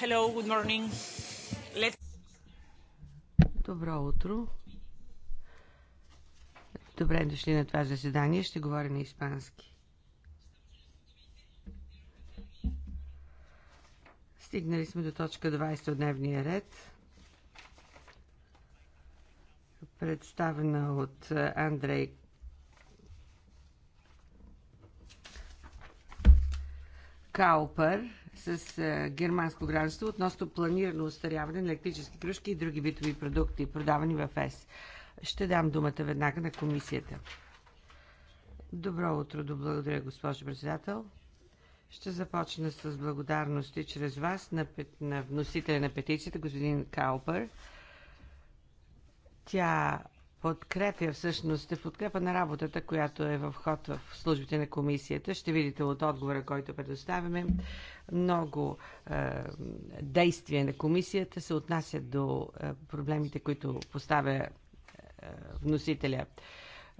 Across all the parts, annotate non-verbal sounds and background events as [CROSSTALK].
Hello, good morning. Добро утро. Добре дошли на това заседание. Ще говоря на испански. Стигнали сме до точка 20 от дневния ред. Представена от Андрей Каупер с а, германско гражданство относно планирано устаряване на електрически кружки и други битови продукти, продавани в ЕС. Ще дам думата веднага на комисията. Добро утро, благодаря, госпожо председател. Ще започна с благодарности чрез вас на, на вносителя на петицията, господин Каупер. Тя подкрепя всъщност, е в подкрепа на работата, която е в ход в службите на комисията. Ще видите от отговора, който предоставяме. Много е, действия на комисията се отнасят до е, проблемите, които поставя е, вносителя.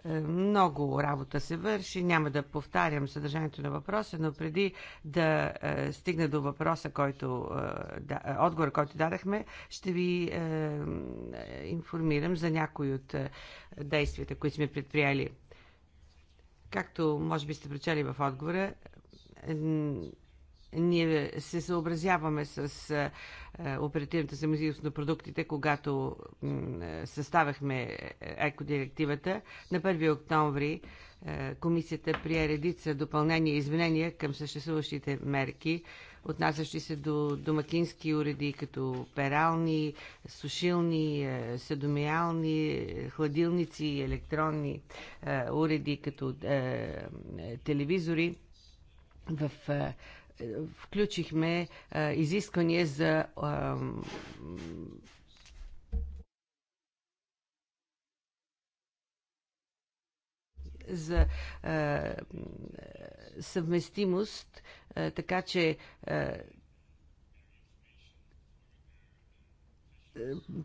Е, много работа се върши, няма да повтарям съдържанието на въпроса, но преди да е, стигна до въпроса, който, е, да, отговор, който дадахме, ще ви информирам за някои от действията, които сме предприели. Както може би сте прочели в отговора, ние се съобразяваме с оперативната съвместимост на продуктите, когато съставяхме екодирективата. На 1 октомври комисията прие редица допълнения и изменения към съществуващите мерки, отнасящи се до домакински уреди, като перални, сушилни, седомиални, хладилници, електронни уреди, като телевизори в включихме е, изисквания за за е, съвместимост, е, така че е,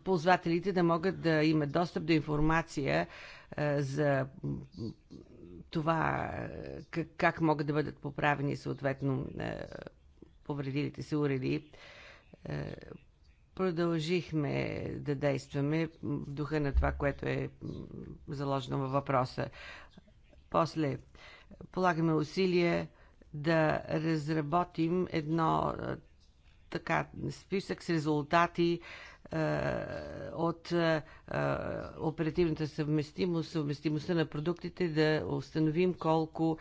ползвателите да могат да имат достъп до информация за това е, как, как могат да бъдат поправени съответно е, повредилите се уреди. Е, продължихме да действаме в духа на това, което е заложено във въпроса. После полагаме усилия да разработим едно така списък с резултати, е, от е, е, оперативната съвместимост, съвместимостта на продуктите, да установим колко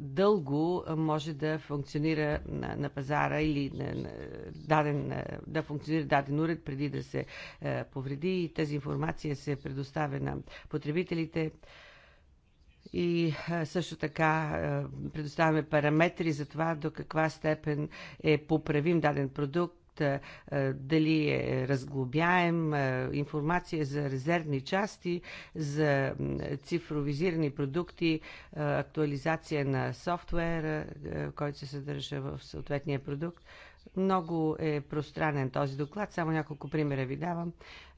дълго може да функционира на, пазара или на, на даден, да функционира даден уред преди да се повреди. И тази информация се предоставя на потребителите. И също така предоставяме параметри за това до каква степен е поправим даден продукт, е, е, дали е разглобяем, е, информация за резервни части, за цифровизирани продукти, актуализация на софтуера, който се съдържа в съответния продукт. Много е пространен този доклад, само няколко примера ви давам.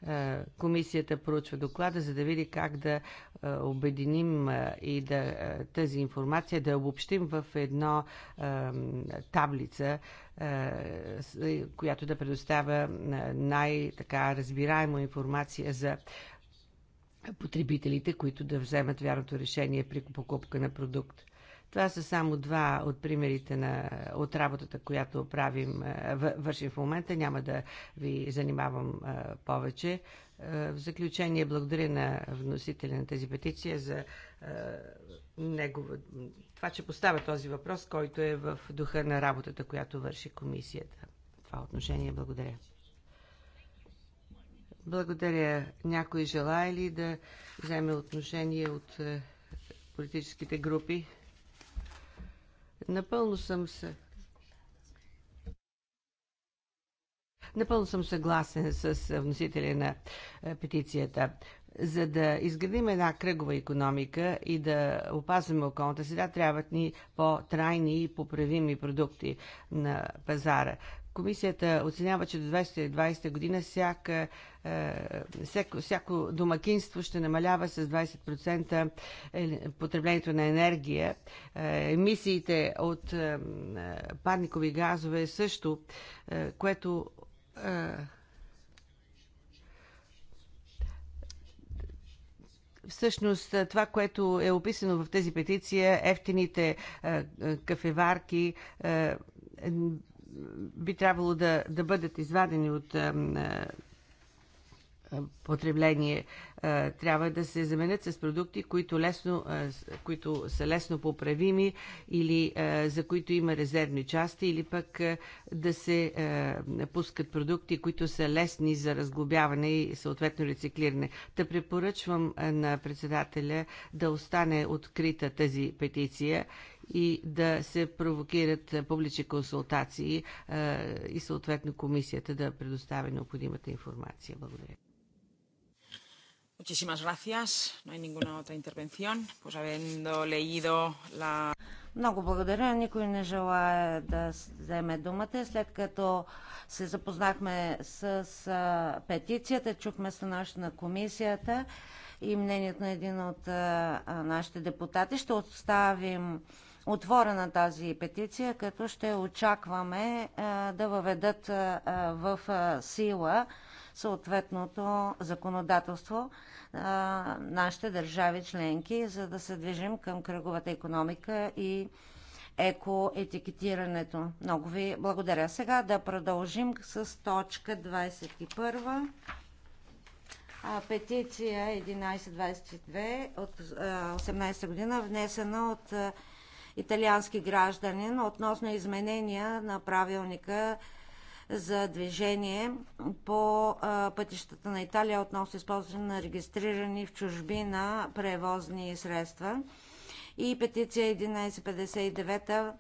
Е, комисията проучва доклада, за да види как да е, обединим е, и да тази информация да обобщим в едно таблица, която да предоставя най-така разбираема информация за потребителите, които да вземат вярното решение при покупка на продукт. Това са само два от примерите на, от работата, която правим, е, вършим в момента. Няма да ви занимавам е, повече. Е, в заключение, благодаря на вносителя на тези петиция за негова, това, че поставя този въпрос, който е в духа на работата, която върши комисията. Това отношение благодаря. Благодаря. Някой желая ли да вземе отношение от политическите групи? Напълно съм се. Напълно съм съгласен с вносителя на петицията. За да изградим една кръгова економика и да опазваме околната среда, трябват ни по-трайни и поправими продукти на пазара. Комисията оценява, че до 2020 година всяка е, всяко, всяко домакинство ще намалява с 20% е, потреблението на енергия. Е, емисиите от парникови газове също, което всъщност това, което е описано в тези петиция, ефтините кафеварки би трябвало да, да бъдат извадени от потребление. Е, трябва да се заменят с продукти, които, лесно, е, които са лесно поправими или е, за които има резервни части, или пък да се пускат продукти, които са лесни за разглобяване и съответно рециклиране. Та препоръчвам на председателя да остане открита тази петиция и да се провокират публични консултации и съответно комисията да предоставя необходимата информация. Благодаря. Muchísimas gracias. No hay ninguna otra intervención. Pues habiendo leído la... Много благодаря. Никой не желая да вземе думата. След като се запознахме с, с петицията, чухме становище на комисията и мнението на един от а, нашите депутати, ще оставим отворена тази петиция, като ще очакваме а, да въведат а, в сила съответното законодателство на нашите държави членки, за да се движим към кръговата економика и екоетикетирането. Много ви благодаря. Сега да продължим с точка 21. Петиция 1122 от 18 година, внесена от италиански гражданин относно изменения на правилника за движение по пътищата на Италия относно използване на регистрирани в чужбина превозни средства и петиция 1159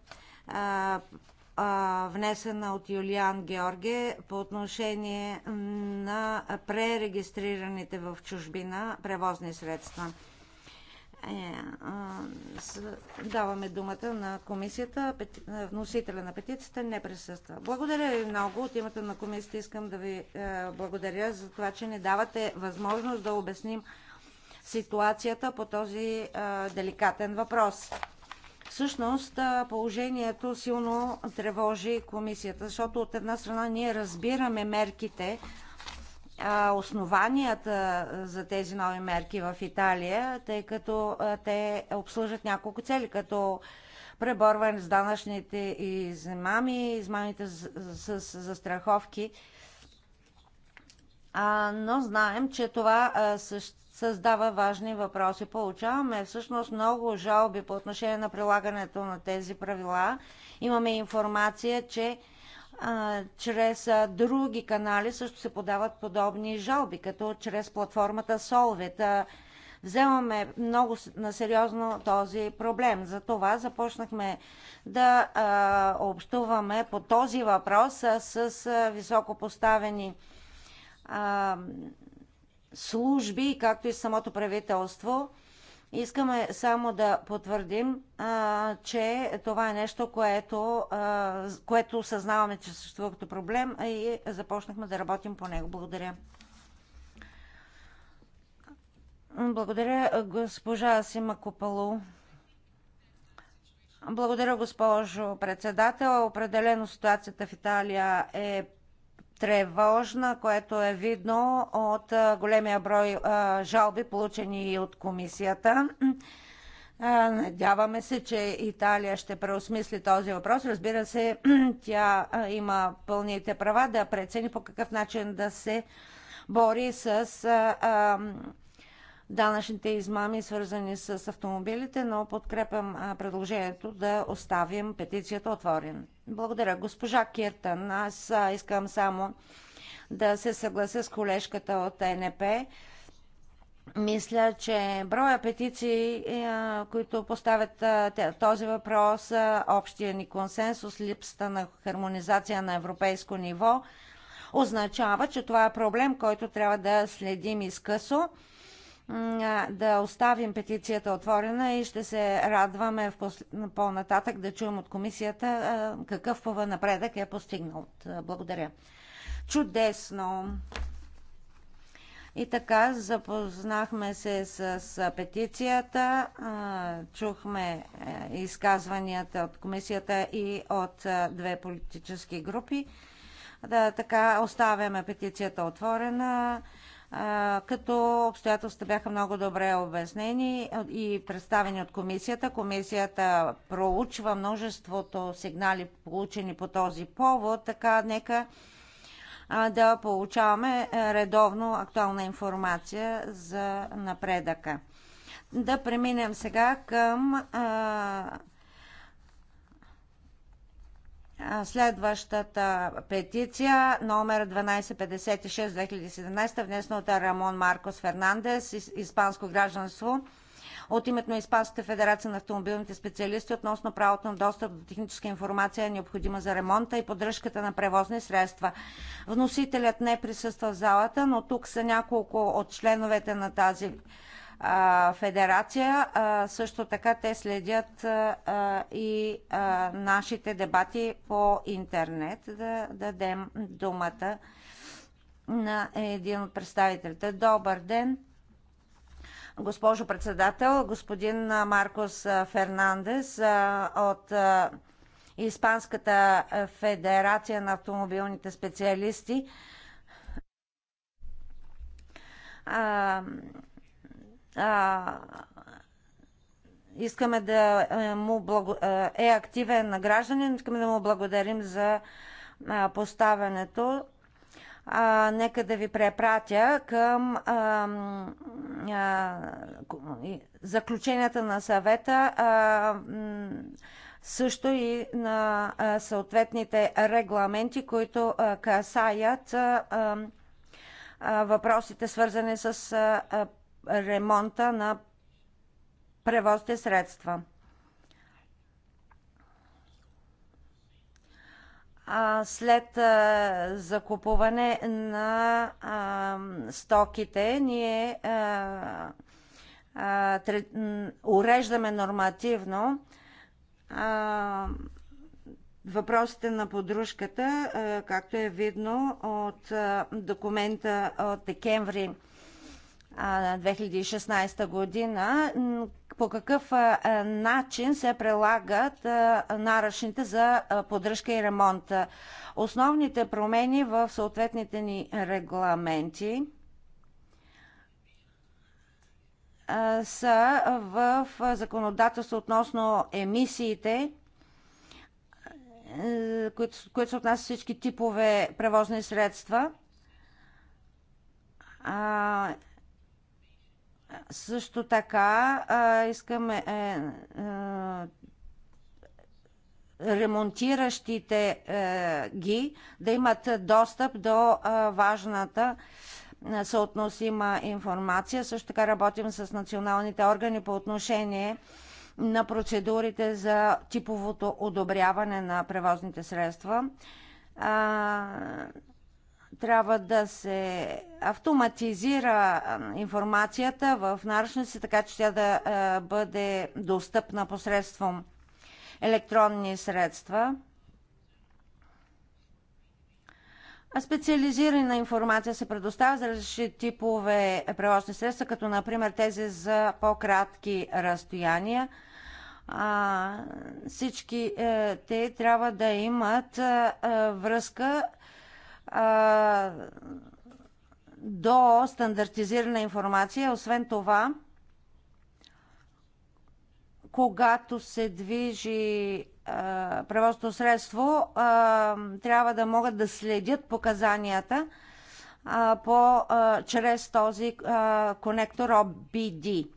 внесена от Юлиан Георге по отношение на пререгистрираните в чужбина превозни средства. Е, а, с, даваме думата на комисията. Е, вносителя на петицията не присъства. Благодаря ви много. От името на комисията искам да ви е, благодаря за това, че ни давате възможност да обясним ситуацията по този е, деликатен въпрос. Всъщност е, положението силно тревожи комисията, защото от една страна ние разбираме мерките, основанията за тези нови мерки в Италия, тъй като те обслужат няколко цели, като преборване с данъчните измами, измамите с застраховки. Но знаем, че това създава важни въпроси. Получаваме всъщност много жалби по отношение на прилагането на тези правила. Имаме информация, че а, чрез а, други канали също се подават подобни жалби, като чрез платформата Solvit. А, вземаме много на сериозно този проблем. Затова започнахме да а, общуваме по този въпрос а, с а, високо поставени а, служби, както и самото правителство Искаме само да потвърдим, а, че това е нещо, което, а, което съзнаваме, че съществува като проблем и започнахме да работим по него. Благодаря. Благодаря, госпожа Сима Купалу. Благодаря, госпожо председател. Определено ситуацията в Италия е тревожна, което е видно от големия брой жалби, получени и от комисията. Надяваме се, че Италия ще преосмисли този въпрос. Разбира се, [CLEARS THROAT] тя има пълните права да прецени по какъв начин да се бори с данъчните измами, свързани с автомобилите, но подкрепям предложението да оставим петицията отворена. Благодаря. Госпожа Киртън, аз искам само да се съглася с колежката от НП. Мисля, че броя петиции, които поставят този въпрос, общия ни консенсус, липсата на хармонизация на европейско ниво, означава, че това е проблем, който трябва да следим изкъсо да оставим петицията отворена и ще се радваме пос... по-нататък да чуем от комисията какъв напредък е постигнал. Благодаря. Чудесно! И така, запознахме се с, с петицията, чухме е, изказванията от комисията и от е, две политически групи. Да, така, оставяме петицията отворена като обстоятелствата бяха много добре обяснени и представени от комисията. Комисията проучва множеството сигнали, получени по този повод, така нека да получаваме е, редовно актуална информация за напредъка. Да преминем сега към а, Следващата петиция, номер 1256-2017, внесена от Рамон Маркос Фернандес, испанско гражданство, от името на Испанската федерация на автомобилните специалисти относно правото на достъп до техническа информация, необходима за ремонта и поддръжката на превозни средства. Вносителят не присъства в залата, но тук са няколко от членовете на тази а, федерация. А, също така те следят а, и а, нашите дебати по интернет. Да дадем думата на един от представителите. Добър ден! Госпожо председател, господин Маркос Фернандес от Испанската федерация на автомобилните специалисти а, искаме да е, му благо... Е, е активен на гражданин, искаме да му благодарим за поставянето. А, нека да ви препратя към а, а, заключенията на съвета, а, също и на съответните регламенти, които а, касаят а, а, въпросите, свързани с а, ремонта на превозните средства. след закупуване на стоките, ние уреждаме нормативно въпросите на подружката, както е видно от документа от декември 2016 година, по какъв начин се прилагат наръчните за поддръжка и ремонт. Основните промени в съответните ни регламенти са в законодателство относно емисиите, които, които се отнасят всички типове превозни средства – също така а, искаме а, е, а, е, ремонтиращите а, е, ги да имат достъп до а, важната съотносима информация. Също така работим с националните органи по отношение на процедурите за типовото одобряване на превозните средства. А, трябва да се автоматизира информацията в наръчници, така че тя да бъде достъпна посредством електронни средства. Специализирана информация се предоставя за различни типове превозни средства, като например тези за по-кратки разстояния. А, всички е, те трябва да имат е, връзка до стандартизирана информация. Освен това, когато се движи превозното средство, а, трябва да могат да следят показанията а, по, а, чрез този конектор OBD.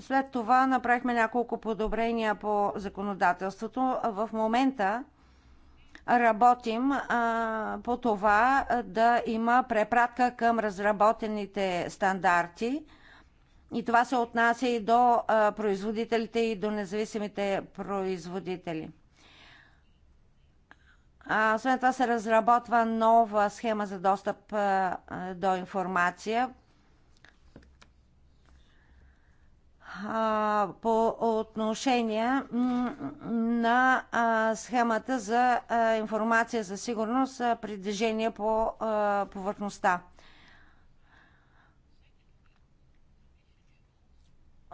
След това направихме няколко подобрения по законодателството. В момента работим а, по това да има препратка към разработените стандарти. И това се отнася и до а, производителите и до независимите производители. А, освен това се разработва нова схема за достъп а, до информация а, по отношение на а, схемата за а, информация за сигурност а, при движение по а, повърхността.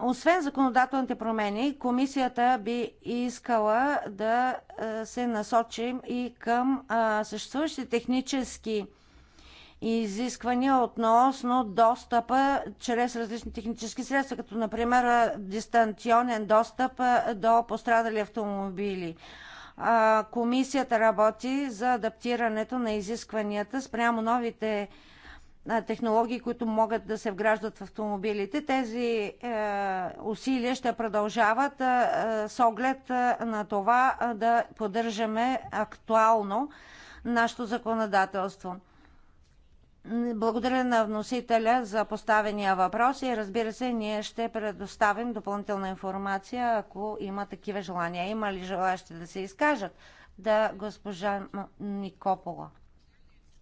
Освен законодателните промени, комисията би искала да се насочим и към съществуващи технически изисквания относно достъпа чрез различни технически средства, като например дистанционен достъп до пострадали автомобили. Комисията работи за адаптирането на изискванията спрямо новите технологии, които могат да се вграждат в автомобилите. Тези е, усилия ще продължават е, с оглед е, на това е, да поддържаме актуално нашето законодателство. Благодаря на вносителя за поставения въпрос и разбира се, ние ще предоставим допълнителна информация, ако има такива желания. Има ли желаящи да се изкажат? Да, госпожа Никопола.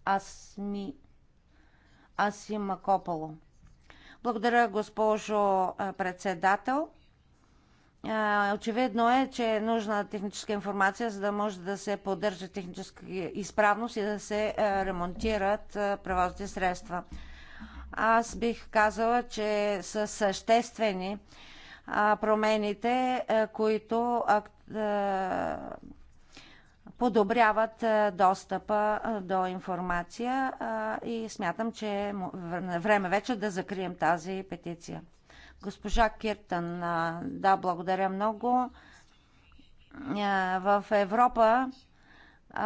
Аз ми... Аз има Кополо. Благодаря, госпожо председател. Очевидно е, че е нужна техническа информация, за да може да се поддържа техническа изправност и да се ремонтират превозните средства. Аз бих казала, че са съществени промените, които подобряват достъпа до информация и смятам, че е време вече да закрием тази петиция. Госпожа Киртън, да, благодаря много. В Европа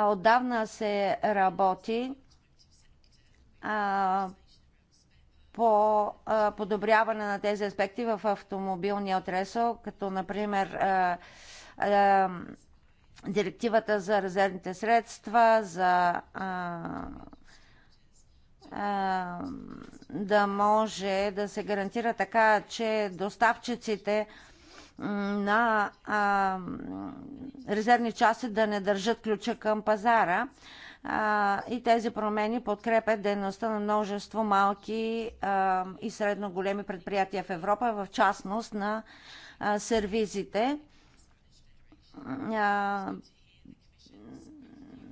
отдавна се работи по подобряване на тези аспекти в автомобилния отресъл, като например директивата за резервните средства, за да може да се гарантира така, че доставчиците на а, резервни части да не държат ключа към пазара. А, и тези промени подкрепят дейността на множество малки а, и средно големи предприятия в Европа, в частност на а, сервизите. А,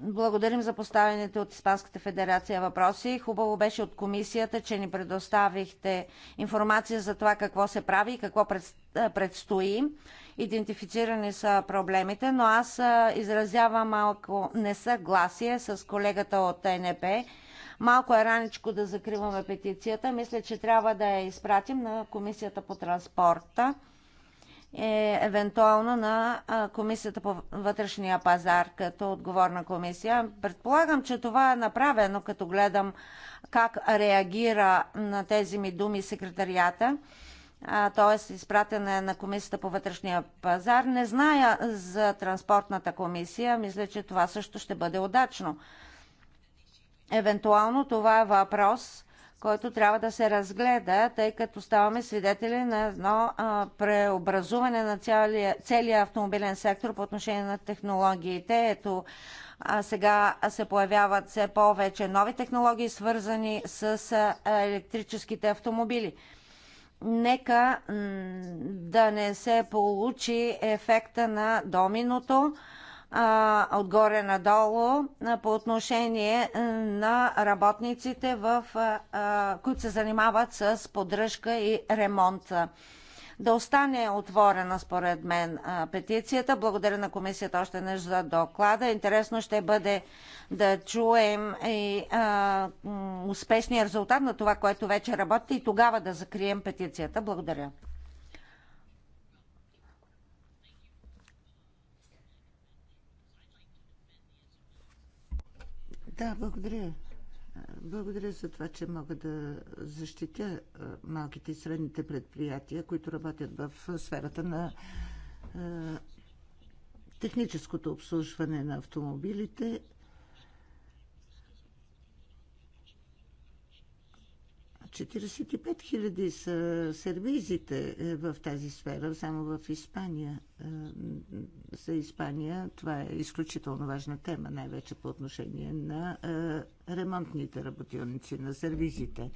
Благодарим за поставените от Испанската федерация въпроси. Хубаво беше от комисията, че ни предоставихте информация за това какво се прави и какво предстои. Идентифицирани са проблемите, но аз изразявам малко несъгласие с колегата от НП. Малко е раничко да закриваме петицията. Мисля, че трябва да я изпратим на комисията по транспорта е, евентуално на Комисията по вътрешния пазар като отговорна комисия. Предполагам, че това е направено, като гледам как реагира на тези ми думи секретарията т.е. изпратена е на комисията по вътрешния пазар. Не зная за транспортната комисия, мисля, че това също ще бъде удачно. Евентуално това е въпрос, който трябва да се разгледа, тъй като ставаме свидетели на едно преобразуване на цялия, целия автомобилен сектор по отношение на технологиите. Ето, а сега се появяват все повече нови технологии, свързани с електрическите автомобили. Нека да не се получи ефекта на доминото, а, отгоре надолу а, по отношение на работниците, в, а, които се занимават с поддръжка и ремонт. Да остане отворена, според мен, петицията. Благодаря на комисията още нещо за доклада. Интересно ще бъде да чуем и а, успешния резултат на това, което вече работи и тогава да закрием петицията. Благодаря. Да, благодаря. Благодаря за това, че мога да защитя малките и средните предприятия, които работят в сферата на техническото обслужване на автомобилите 45 000 са сервизите е, в тази сфера, само в Испания. Е, за Испания това е изключително важна тема, най-вече по отношение на е, ремонтните работилници, на сервизите.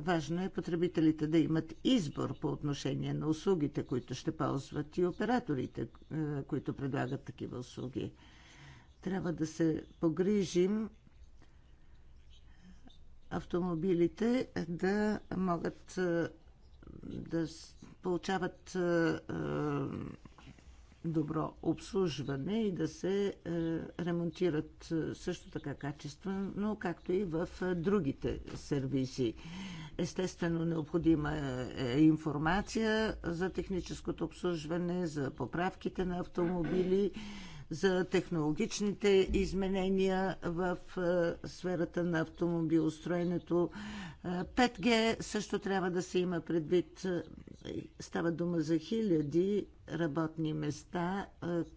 Важно е потребителите да имат избор по отношение на услугите, които ще ползват и операторите, които предлагат такива услуги. Трябва да се погрижим автомобилите да могат да получават добро обслужване и да се ремонтират също така качествено, както и в другите сервиси. Естествено, необходима е, е информация за техническото обслужване, за поправките на автомобили за технологичните изменения в е, сферата на автомобилостроенето. 5G е, също трябва да се има предвид. Е, става дума за хиляди работни места,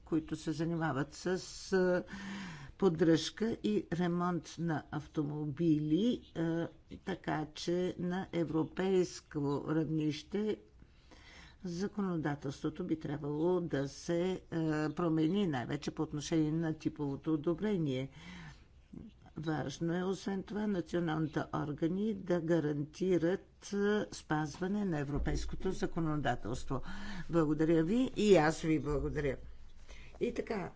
които се занимават с поддръжка и ремонт на автомобили, така че на европейско равнище законодателството би трябвало да се е, промени, най-вече по отношение на типовото одобрение. Важно е, освен това, националните органи да гарантират е, спазване на европейското законодателство. Благодаря ви и аз ви благодаря. И така,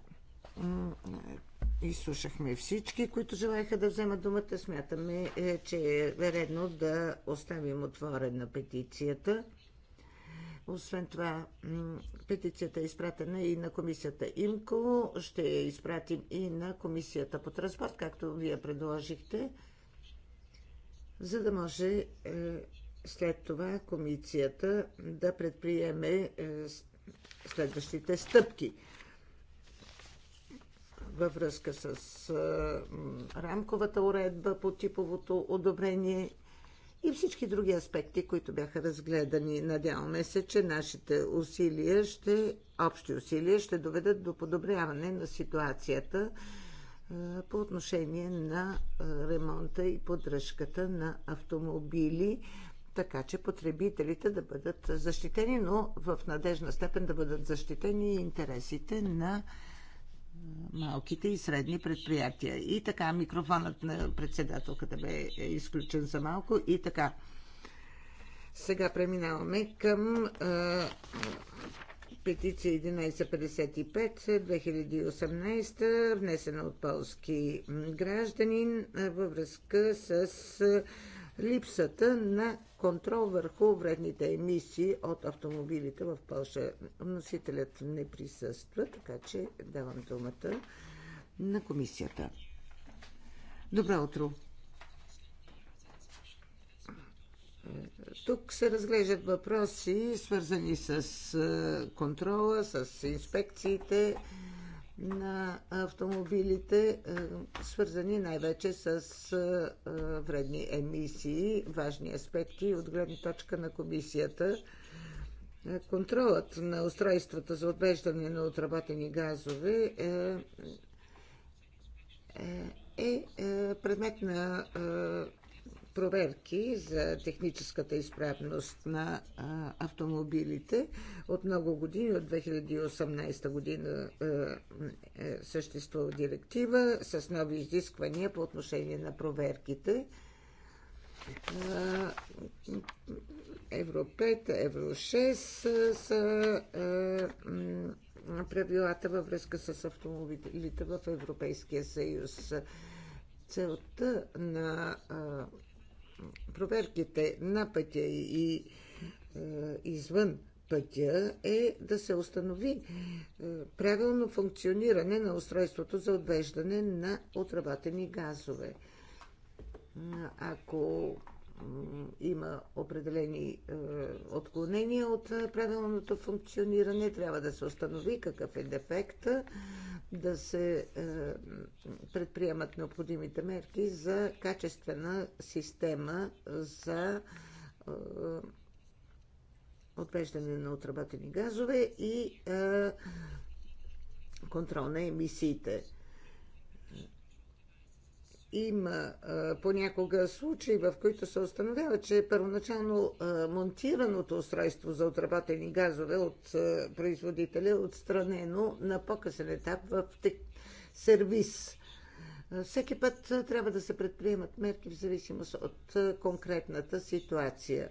изслушахме всички, които желаяха да вземат думата. Смятаме, е, че е редно да оставим отворена петицията. Освен това, петицията е изпратена и на комисията ИМКО. Ще я изпратим и на комисията по транспорт, както вие предложихте, за да може е, след това комисията да предприеме е, следващите стъпки във връзка с е, рамковата уредба по типовото одобрение и всички други аспекти, които бяха разгледани. Надяваме се, че нашите усилия ще, общи усилия ще доведат до подобряване на ситуацията е, по отношение на е, ремонта и поддръжката на автомобили, така че потребителите да бъдат защитени, но в надежна степен да бъдат защитени и интересите на малките и средни предприятия. И така, микрофонът на председателката бе изключен за малко. И така, сега преминаваме към а, петиция 1155-2018, внесена от полски гражданин във връзка с липсата на контрол върху вредните емисии от автомобилите в Польша. Носителят не присъства, така че давам думата на комисията. Добро утро! Тук се разглеждат въпроси, свързани с е, контрола, с инспекциите, на автомобилите, е, свързани най-вече с е, вредни емисии, важни аспекти от гледна точка на комисията. Е, контролът на устройствата за отвеждане на отработени газове е, е, предмет на проверки за техническата изправност на автомобилите. От много години, от 2018 година е, съществува директива с нови изисквания по отношение на проверките. Евро 5, Евро 6 са правилата във връзка с автомобилите в Европейския съюз. Целта на проверките на пътя и е, извън пътя е да се установи е, правилно функциониране на устройството за отвеждане на отработени газове. Ако има определени е, отклонения от е, правилното функциониране, трябва да се установи какъв е дефект е, да се предприемат необходимите мерки за качествена система за отвеждане на отработени газове и контрол на емисиите има понякога случаи, в които се установява, че първоначално монтираното устройство за отработени газове от производителя е отстранено на по-късен етап в сервис. Всеки път трябва да се предприемат мерки в зависимост от конкретната ситуация.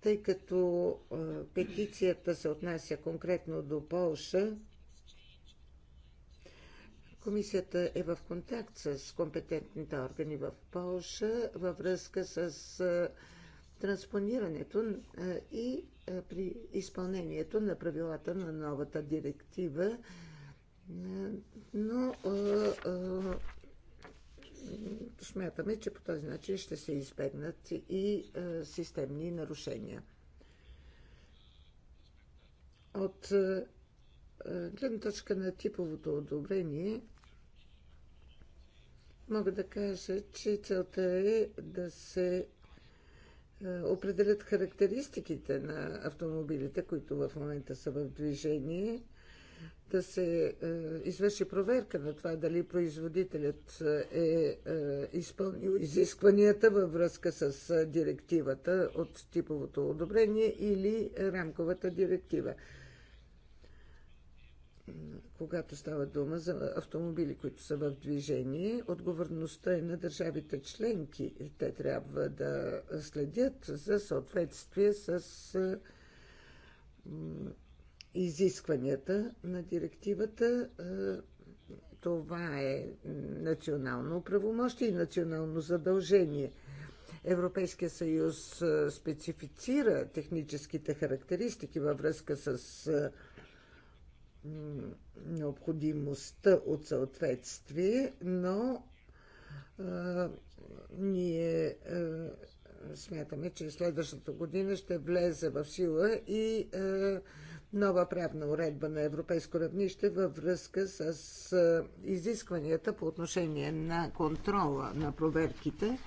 Тъй като петицията се отнася конкретно до Полша, Комисията е в контакт с компетентните органи в Полша във връзка с транспонирането и при изпълнението на правилата на новата директива, но смятаме, че по този начин ще се избегнат и системни нарушения. От е, гледна точка на типовото одобрение, мога да кажа, че целта е да се е, определят характеристиките на автомобилите, които в момента са в движение, да се е, извърши проверка на това дали производителят е изпълнил изискванията във връзка с директивата от типовото одобрение или рамковата директива когато става дума за автомобили, които са в движение, отговорността е на държавите членки. Те трябва да следят за съответствие с изискванията на директивата. Е, това е национално правомощие и национално задължение. Европейския съюз е, специфицира техническите характеристики във връзка с е, необходимостта от съответствие, но а, ние а, смятаме, че следващата година ще влезе в сила и а, нова правна уредба на европейско равнище във връзка с изискванията по отношение на контрола на проверките,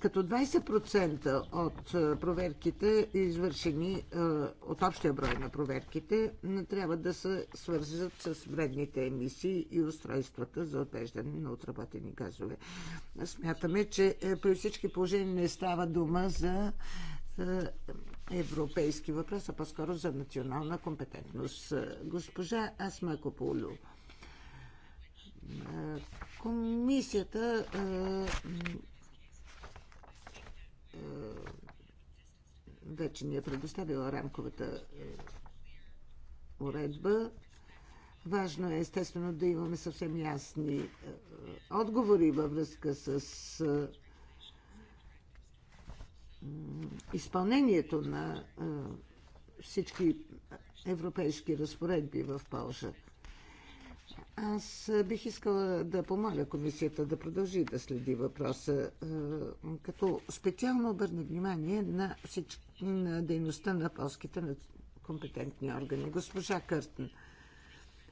като 20% от проверките, извършени от общия брой на проверките, трябва да се свързат с вредните емисии и устройствата за отвеждане на отработени газове. Смятаме, че е, при всички положения не става дума за европейски въпрос, а по-скоро за национална компетентност. Госпожа Асма Кополю, комисията вече ни е предоставила рамковата уредба. Важно е, естествено, да имаме съвсем ясни отговори във връзка с изпълнението на всички европейски разпоредби в Полша. Аз бих искала да помоля комисията да продължи да следи въпроса, като специално обърне внимание на, на дейността на полските на компетентни органи. Госпожа Къртен.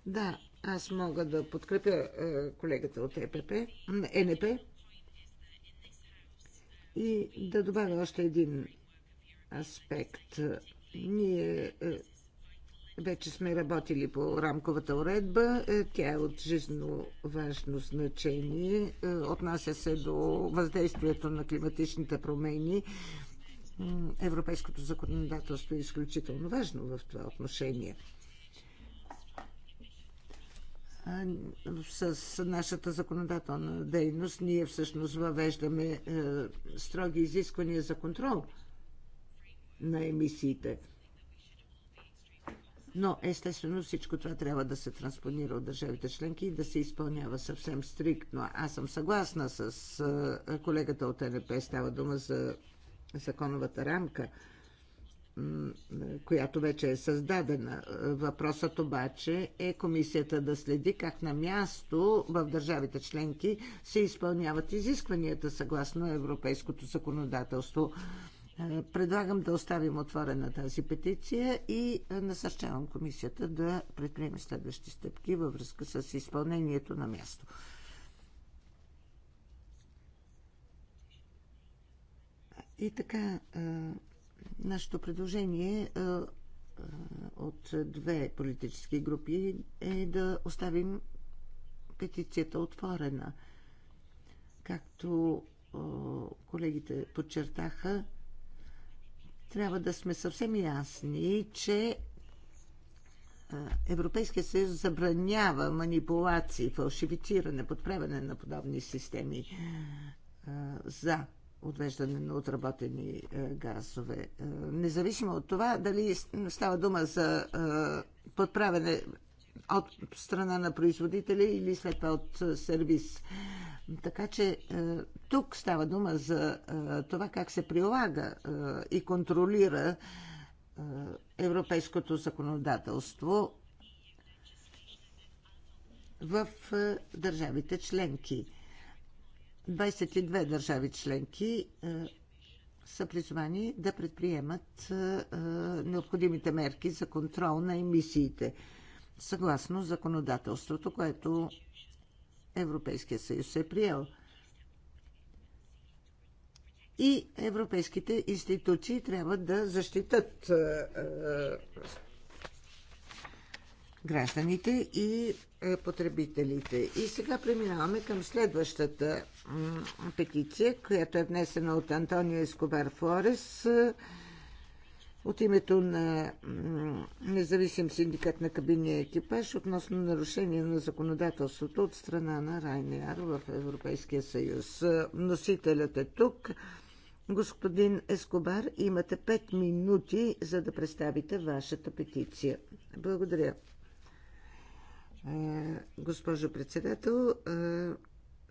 Да, аз мога да подкрепя колегата от ЕПП, НП. И да добавя още един аспект. Ние е, вече сме работили по рамковата уредба. Е, тя е от жизненно важно значение. Е, отнася се до въздействието на климатичните промени. Европейското законодателство е изключително важно в това отношение с нашата законодателна дейност ние всъщност въвеждаме е, строги изисквания за контрол на емисиите. Но естествено всичко това трябва да се транспонира от държавите членки и да се изпълнява съвсем стриктно. Аз съм съгласна с е, колегата от НП, става дума за законовата рамка – която вече е създадена. Въпросът обаче е комисията да следи как на място в държавите членки се изпълняват изискванията съгласно европейското законодателство. Е, предлагам да оставим отворена тази петиция и е, насърчавам комисията да предприеме следващи стъпки във връзка с изпълнението на място. И така, е, Нашето предложение е, е, от две политически групи е да оставим петицията отворена. Както е, колегите подчертаха, трябва да сме съвсем ясни, че Европейския съюз забранява манипулации, фалшифициране, подправяне на подобни системи за отвеждане на отработени е, газове. Е, независимо от това, дали става дума за е, подправене от страна на производители или след това от сервис. Така че тук става дума за това как се прилага и контролира европейското законодателство в държавите членки. 22 държави членки е, са призвани да предприемат е, необходимите мерки за контрол на емисиите, съгласно законодателството, което Европейския съюз е приел. И европейските институции трябва да защитат е, гражданите и е, потребителите. И сега преминаваме към следващата петиция, която е внесена от Антонио Ескобар Флорес е, от името на независим синдикат на кабинния екипаж относно нарушение на законодателството от страна на Райнияр в Европейския съюз. Е, носителят е тук. Господин Ескобар, имате 5 минути, за да представите вашата петиция. Благодаря, е, госпожо председател, е,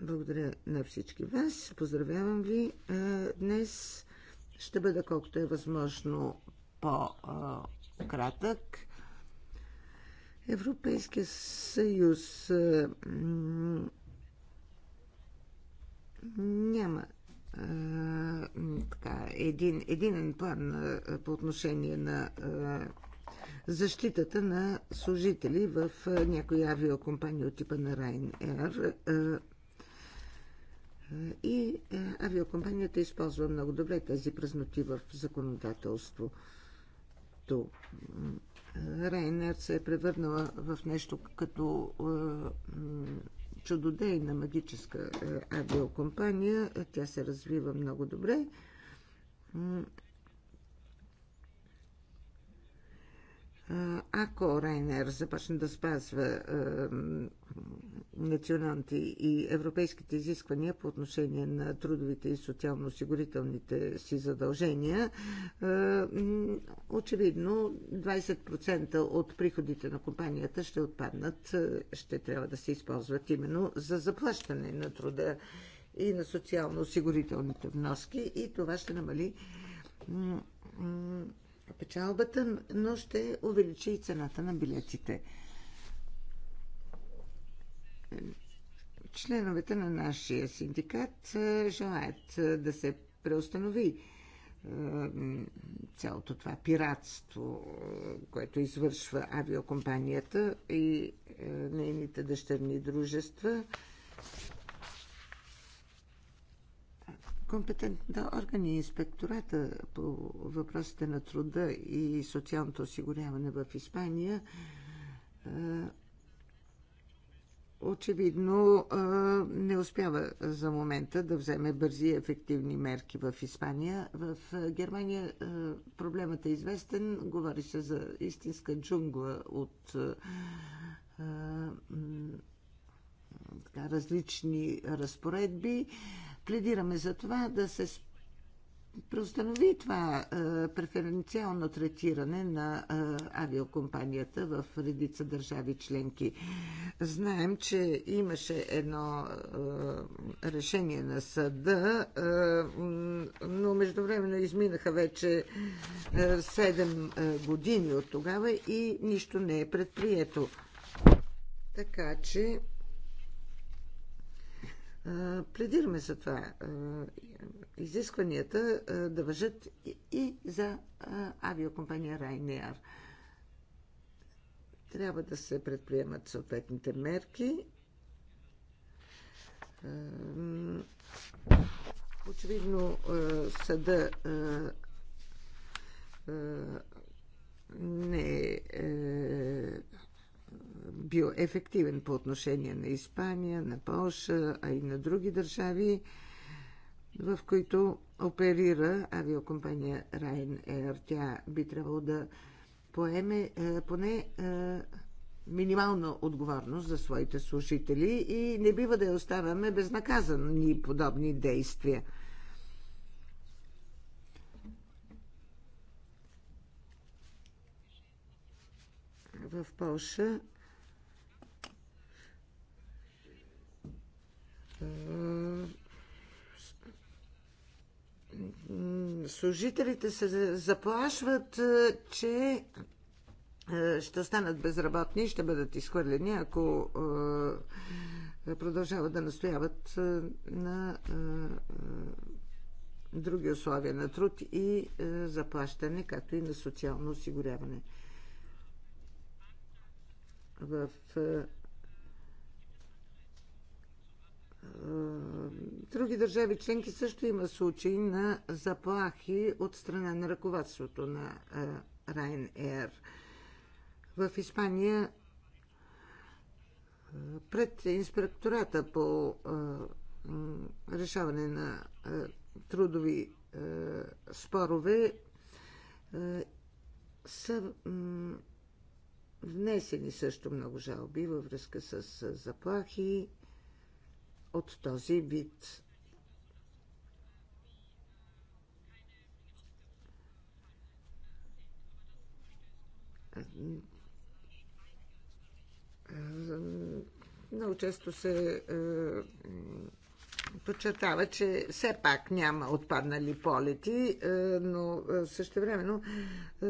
благодаря на всички вас. Поздравявам ви. Е, днес ще бъда колкото е възможно по-кратък. Европейския съюз няма така, един, план по отношение на защитата на служители в някои авиокомпании от типа на Ryanair. И авиокомпанията използва много добре тези празноти в законодателството. Ryanair се е превърнала в нещо като чудодейна магическа авиокомпания. Тя се развива много добре ако Райнер започне да спазва националните и европейските изисквания по отношение на трудовите и социално-осигурителните си задължения, очевидно 20% от приходите на компанията ще отпаднат, ще трябва да се използват именно за заплащане на труда и на социално-осигурителните вноски и това ще намали печалбата, но ще увеличи и цената на билетите. Членовете на нашия синдикат е, желаят е, да се преустанови е, цялото това пиратство, което извършва авиокомпанията и нейните дъщерни дружества компетентните органи, инспектората по въпросите на труда и социалното осигуряване в Испания, е, очевидно е, не успява за момента да вземе бързи и ефективни мерки в Испания. В е, Германия проблемът е известен. Говори се за истинска джунгла от различни разпоредби. Пледираме за това да се преустанови това е, преференциално третиране на е, авиокомпанията в редица държави членки. Знаем, че имаше едно е, решение на съда, е, но междувременно изминаха вече е, 7 е, години от тогава и нищо не е предприето. Така че пледираме за това изискванията да въжат и за авиокомпания Ryanair. Трябва да се предприемат съответните мерки. Очевидно съда не е бил ефективен по отношение на Испания, на Полша, а и на други държави, в които оперира авиокомпания Ryanair. Тя би трябвало да поеме е, поне е, минимална отговорност за своите служители и не бива да я оставяме безнаказани подобни действия. В Польша служителите се заплашват, е, че е, ще останат безработни и ще бъдат изхвърлени, ако е, продължават да настояват на други условия на труд и заплащане, както и на социално осигуряване. В е, други държави членки също има случаи на заплахи от страна на ръководството на е, Ryanair. В Испания е, пред инспектората по решаване на трудови спорове са внесени също много жалби във връзка с заплахи от този вид. Много често се е, подчертава, че все пак няма отпаднали полети, е, но е, също времено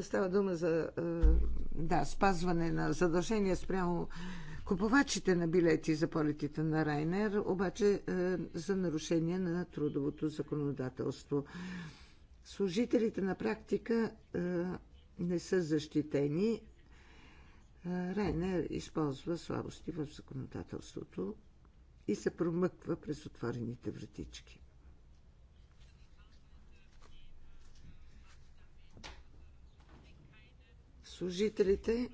става дума за да, спазване на задължения спрямо Купувачите на билети за полетите на Райнер обаче е, за нарушение на трудовото законодателство. Служителите на практика е, не са защитени. Е, Райнер използва слабости в законодателството и се промъква през отворените вратички. Служителите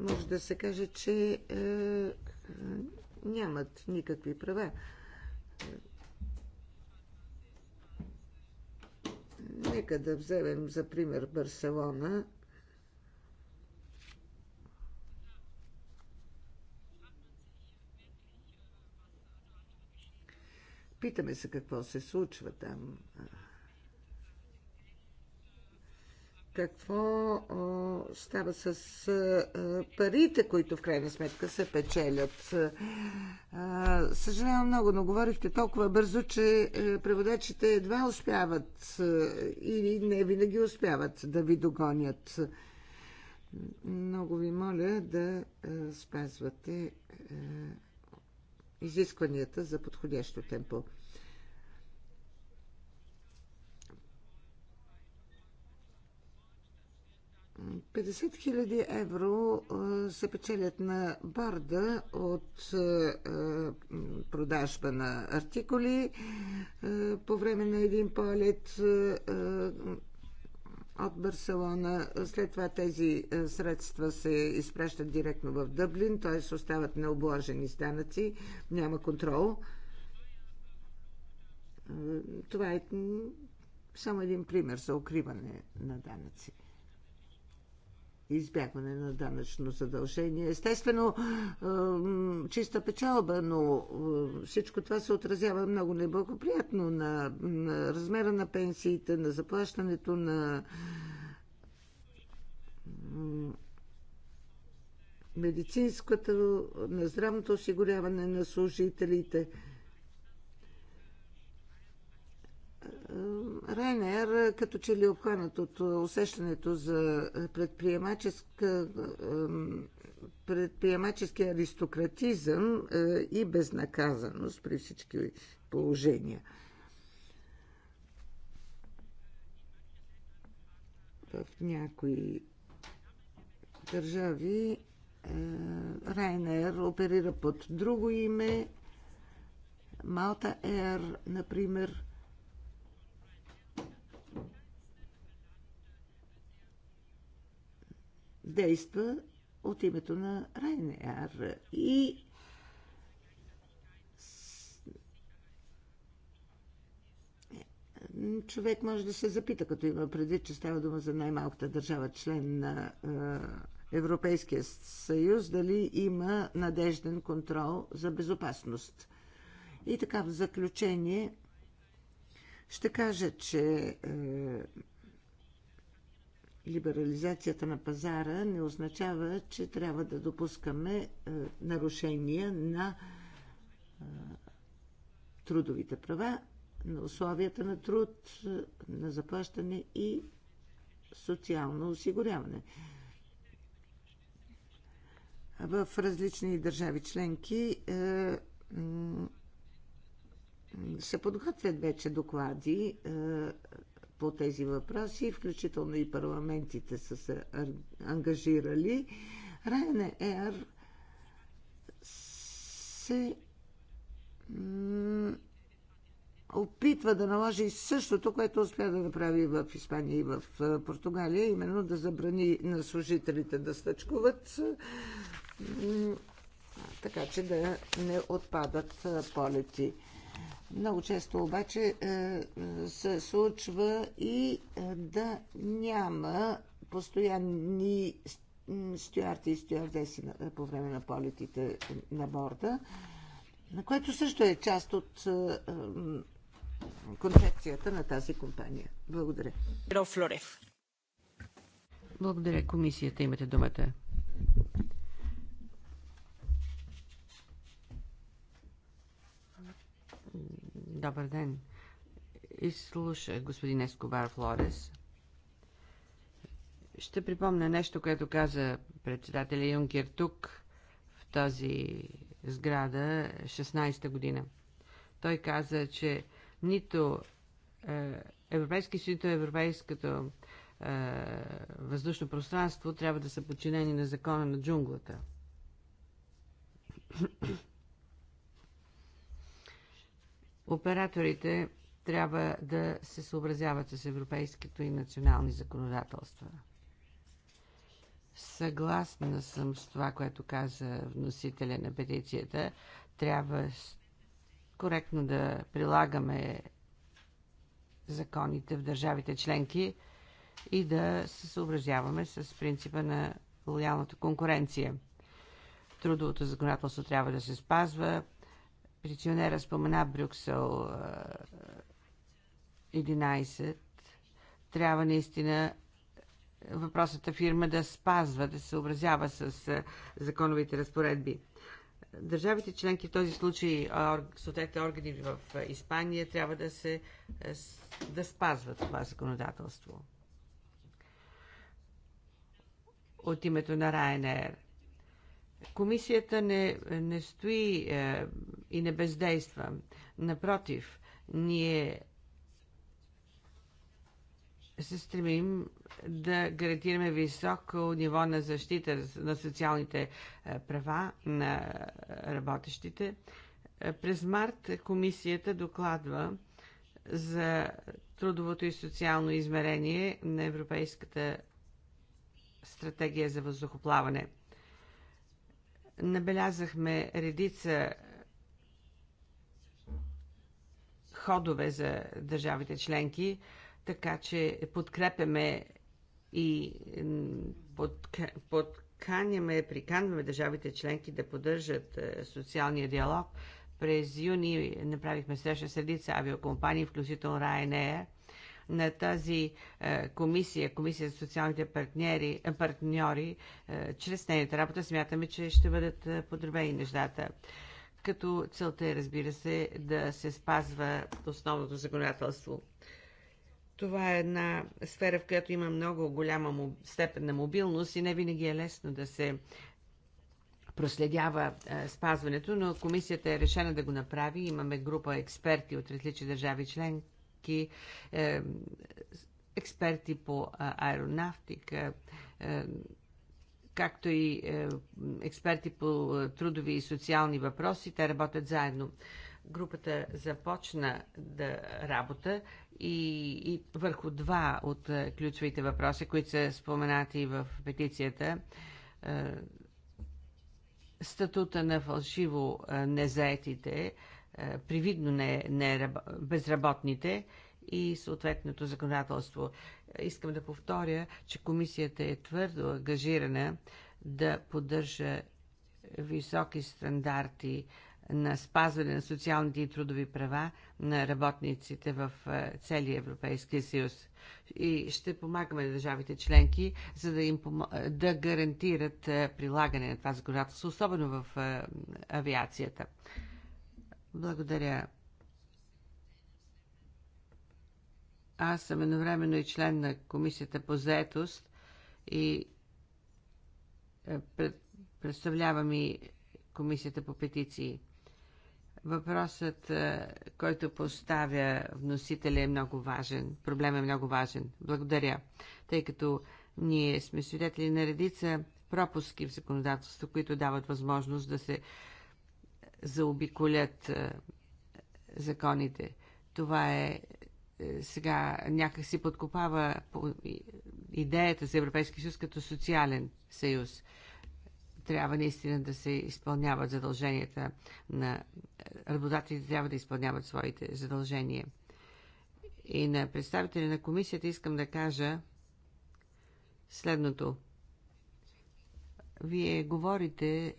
може да се каже, че е, нямат никакви права. Нека да вземем за пример Барселона. Питаме се какво се случва там. какво става с парите, които в крайна сметка се печелят. Съжалявам много, но говорихте толкова бързо, че е, преводачите едва успяват или не винаги успяват да ви догонят. Много ви моля да спазвате изискванията за подходящо темпо. 50 000 евро се печелят на барда от продажба на артикули по време на един полет от Барселона. След това тези средства се изпращат директно в Дъблин, т.е. остават необложени станъци, няма контрол. Това е само един пример за укриване на данъци избягване на данъчно задължение. Естествено, чиста печалба, но всичко това се отразява много неблагоприятно на, на размера на пенсиите, на заплащането на медицинското, на здравното осигуряване на служителите – Райнер като че ли е обхванат от усещането за предприемаческа, предприемачески аристократизъм и безнаказаност при всички положения. В някои държави Райнер оперира под друго име. Малта Ер, например, действа от името на Райнер и човек може да се запита, като има предвид, че става дума за най-малката държава член на е, Европейския съюз, дали има надежден контрол за безопасност. И така, в заключение, ще кажа, че е, либерализацията на пазара не означава, че трябва да допускаме е, нарушения на е, трудовите права, на условията на труд, е, на заплащане и социално осигуряване. В различни държави членки се подготвят вече доклади по тези въпроси, включително и парламентите са се ангажирали. Ryanair се опитва да наложи същото, което успя да направи в Испания и в Португалия, именно да забрани на служителите да стъчкуват, така че да не отпадат полети. Много често обаче е, е, се случва и е, да няма постоянни стюарти и стюардеси по време на полетите на борда, което също е част от концепцията на тази компания. Благодаря. Благодаря. Комисията имате думата. Добър ден. Изслушах господин Ескобар Флорес. Ще припомня нещо, което каза председателя Юнкер тук, в тази сграда, 16-та година. Той каза, че нито е, Европейски съюз, нито Европейското е, въздушно пространство трябва да са подчинени на закона на джунглата. Операторите трябва да се съобразяват с европейското и национални законодателства. Съгласна съм с това, което каза вносителя на петицията. Трябва коректно да прилагаме законите в държавите членки и да се съобразяваме с принципа на лоялната конкуренция. Трудовото законодателство трябва да се спазва, Пенсионера спомена Брюксел 11. Трябва наистина въпросната фирма да спазва, да се образява с законовите разпоредби. Държавите членки в този случай, съответните органи в Испания, трябва да, се, да спазват това законодателство. От името на Райнер. Комисията не, не стои е, и не бездейства. Напротив, ние се стремим да гарантираме високо ниво на защита на социалните е, права на работещите. Е, през март комисията докладва за трудовото и социално измерение на Европейската стратегия за въздухоплаване – Набелязахме редица ходове за държавите членки, така че подкрепяме и подканяме приканваме държавите членки да поддържат е, социалния диалог. През юни направихме среща с редица авиокомпании, включително Ryanair – на тази е, комисия, комисия за социалните е, партньори, е, чрез нейната работа смятаме, че ще бъдат е, подробени нещата като целта е, разбира се, да се спазва основното законодателство. Това е една сфера, в която има много голяма степен на мобилност и не винаги е лесно да се проследява е, спазването, но комисията е решена да го направи. Имаме група експерти от различни държави членки всички е, експерти по аеронавтика, е, както и е, експерти по е, трудови и социални въпроси. Те работят заедно. Групата започна да работа и, и върху два от е, ключовите въпроси, които са споменати в петицията е, статута на фалшиво незаетите, е, привидно не, не е безработните и съответното законодателство. Искам да повторя, че комисията е твърдо ангажирана да поддържа високи стандарти на спазване на социалните и трудови права на работниците в е, целия Европейския съюз. И ще помагаме на държавите членки, за да им пом... да гарантират прилагане на това законодателство, особено в авиацията. Благодаря. Аз съм едновременно и член на Комисията по заетост и е, представлявам и Комисията по петиции. Въпросът, е, който поставя вносителя е много важен. Проблем е много важен. Благодаря. Тъй като ние сме свидетели на редица пропуски в законодателството, които дават възможност да се заобиколят законите. Това е, е сега някак си подкопава идеята за Европейски съюз като социален съюз. Трябва наистина да се изпълняват задълженията на е, работодателите, трябва да изпълняват своите задължения. И на представители на комисията искам да кажа следното. Вие говорите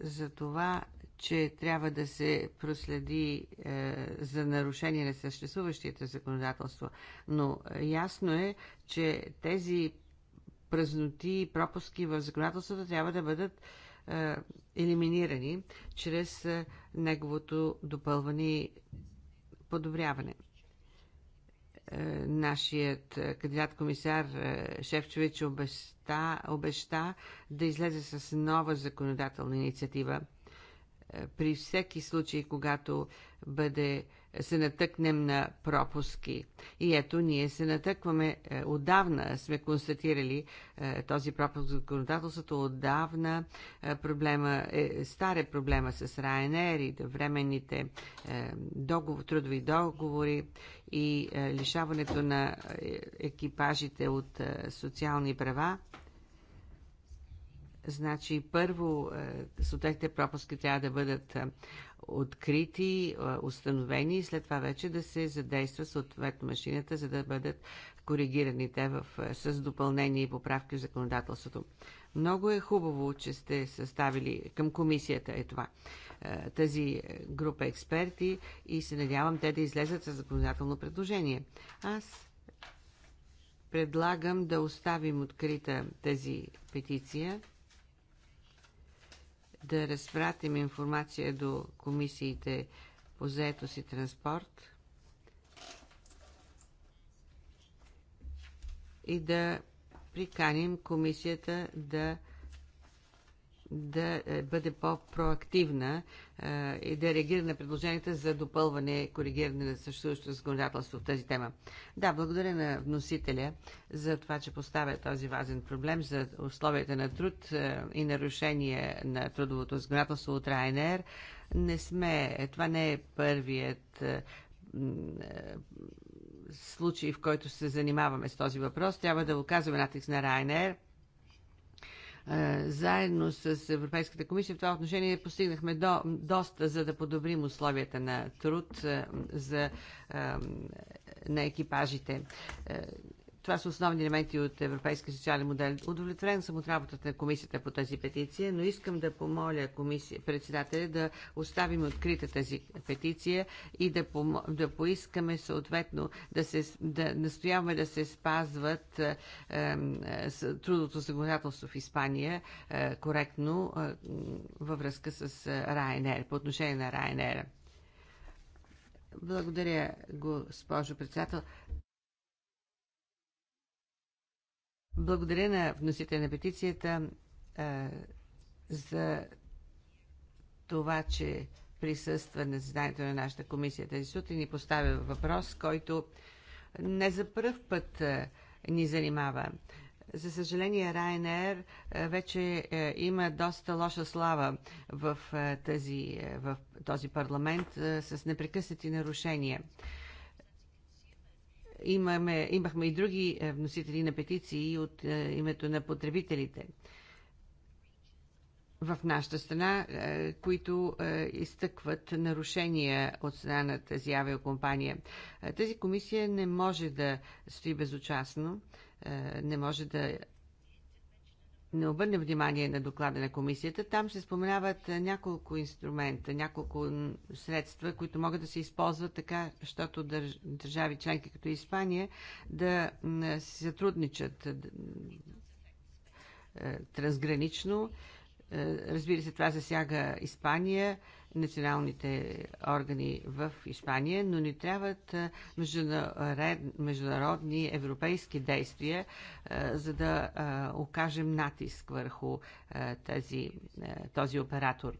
за това че трябва да се проследи е, за нарушение на съществуващите законодателство. Но ясно е, че тези празноти и пропуски в законодателството трябва да бъдат е, елиминирани чрез е, неговото допълване и подобряване. Е, нашият е, кандидат-комисар е, Шефчович обеща, обеща да излезе с нова законодателна инициатива – при всеки случай, когато бъде, се натъкнем на пропуски. И ето, ние се натъкваме, е, отдавна сме констатирали е, този пропуск в законодателството, отдавна е, проблема, е, старе проблема с Ryanair и временните договор, трудови договори и лишаването на екипажите от социални права – Значи, първо, е, съответните пропуски трябва да бъдат е, открити, е, установени и след това вече да се задейства съответно машината, за да бъдат коригирани те в, с допълнение и поправки в законодателството. Много е хубаво, че сте съставили към комисията е това, тази група експерти и се надявам те да излезат с законодателно предложение. Аз предлагам да оставим открита тази петиция да разпратим информация до комисиите по заетост и транспорт и да приканим комисията да да е, бъде по-проактивна е, и да реагира на предложенията за допълване и коригиране на съществуващото законодателство в тази тема. Да, благодаря на вносителя за това, че поставя този важен проблем за условията на труд е, и нарушение на трудовото законодателство от РАНР. Не сме, това не е първият случай, в който се занимаваме с този въпрос. Трябва да оказваме натиск на Райнер е, заедно с Европейската комисия в това отношение постигнахме до, доста, за да подобрим условията на труд е, за, е, на екипажите това са основни елементи от Европейския социален модел. Удовлетворен съм от работата на комисията по тази петиция, но искам да помоля комисия, председателя да оставим открита тази петиция и да, помо, да поискаме съответно да, се, да настояваме да се спазват е, е, трудното законодателство в Испания е, коректно е, във връзка с Райнер, по отношение на Ryanair. Благодаря, госпожо председател. Благодаря на вносителя на петицията а, за това, че присъства на заседанието на нашата комисия тази сутрин и поставя въпрос, който не за първ път а, ни занимава. За съжаление, Ryanair вече има доста лоша слава в, тази, в този парламент с непрекъснати нарушения имаме, имахме и други е, вносители на петиции от е, името на потребителите в нашата страна, е, които изтъкват нарушения от страна на тази авиокомпания. Тази комисия не може да стои безучастно, не може да не обърне внимание на доклада на комисията, там се споменават няколко инструмента, няколко средства, които могат да се използват така, защото държави членки като Испания да се сътрудничат трансгранично. Разбира се, това засяга Испания, националните органи в Испания, но ни трябват международни европейски действия, за да окажем натиск върху тази, този оператор.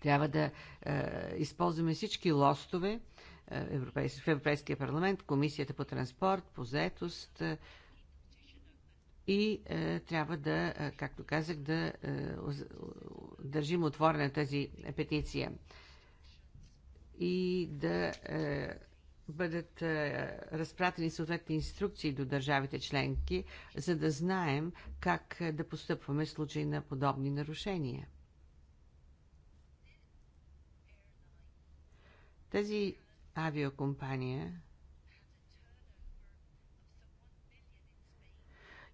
Трябва да използваме всички лостове в Европейския парламент, Комисията по транспорт, по заетост, и трябва да, както казах, да държим отворена тази петиция и да е, бъдат е, разпратени съответни инструкции до държавите членки, за да знаем как е, да постъпваме в случай на подобни нарушения. Тази авиокомпания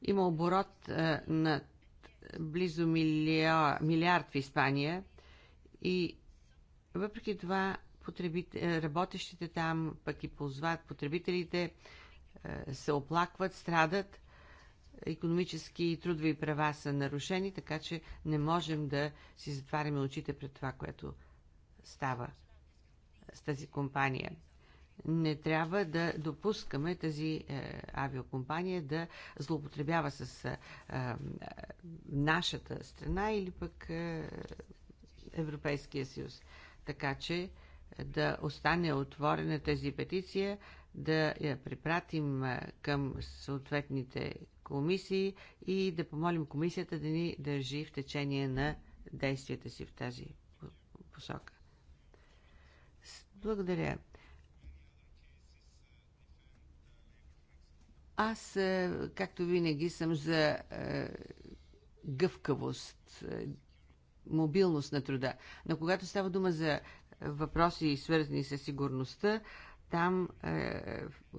има оборот е, на близо милиард в Испания и въпреки това е, работещите там, пък и ползват потребителите, е, се оплакват, страдат, економически и трудови права са нарушени, така че не можем да си затваряме очите пред това, което става с тази компания не трябва да допускаме тази е, авиокомпания да злоупотребява с е, е, нашата страна или пък е, Европейския съюз. Така че е, да остане отворена тази петиция, да я препратим е, към съответните комисии и да помолим комисията да ни държи в течение на действията си в тази посока. Благодаря. Аз, е, както винаги, съм за е, гъвкавост, е, мобилност на труда. Но когато става дума за въпроси, свързани с сигурността, там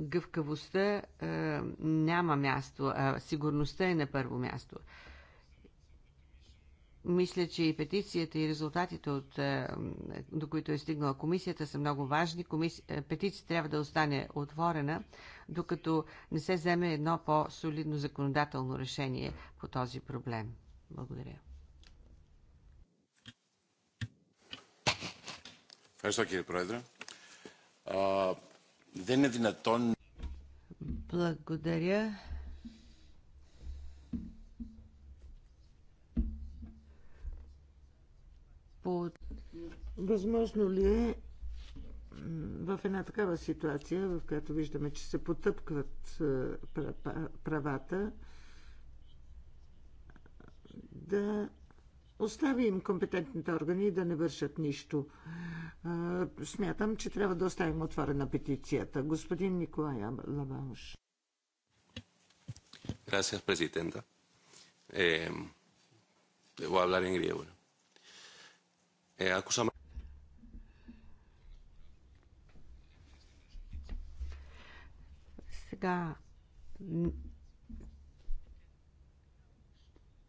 гъвкавостта няма място, а сигурността е на първо място. Мисля, че и петицията и резултатите, от, е, до които е стигнала комисията, са много важни. Комис... Е, петицията трябва да остане отворена, докато не се вземе едно по-солидно законодателно решение по този проблем. Благодаря. Ευχαριστώ Πρόεδρε. Δεν είναι δυνατόν... Благодаря. по... Възможно ли е в една такава ситуация, в която виждаме, че се потъпкват е, правата, да оставим компетентните органи да не вършат нищо. Е, смятам, че трябва да оставим отворена петицията. Господин Николай Лаванш. Gracias, президента. Eh, voy a hablar en griego. Ε, е, άκουσα... Сега...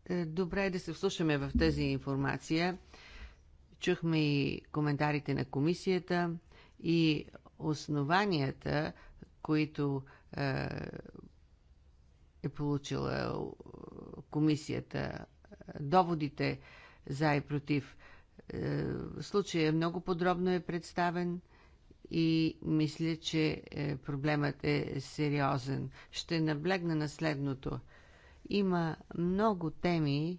Е, добре е да се вслушаме в тази информация. Чухме и коментарите на комисията и основанията, които е, е получила комисията, доводите за и против. Е, случая е много подробно е представен и мисля, че е, проблемът е сериозен. Ще наблегна на следното. Има много теми,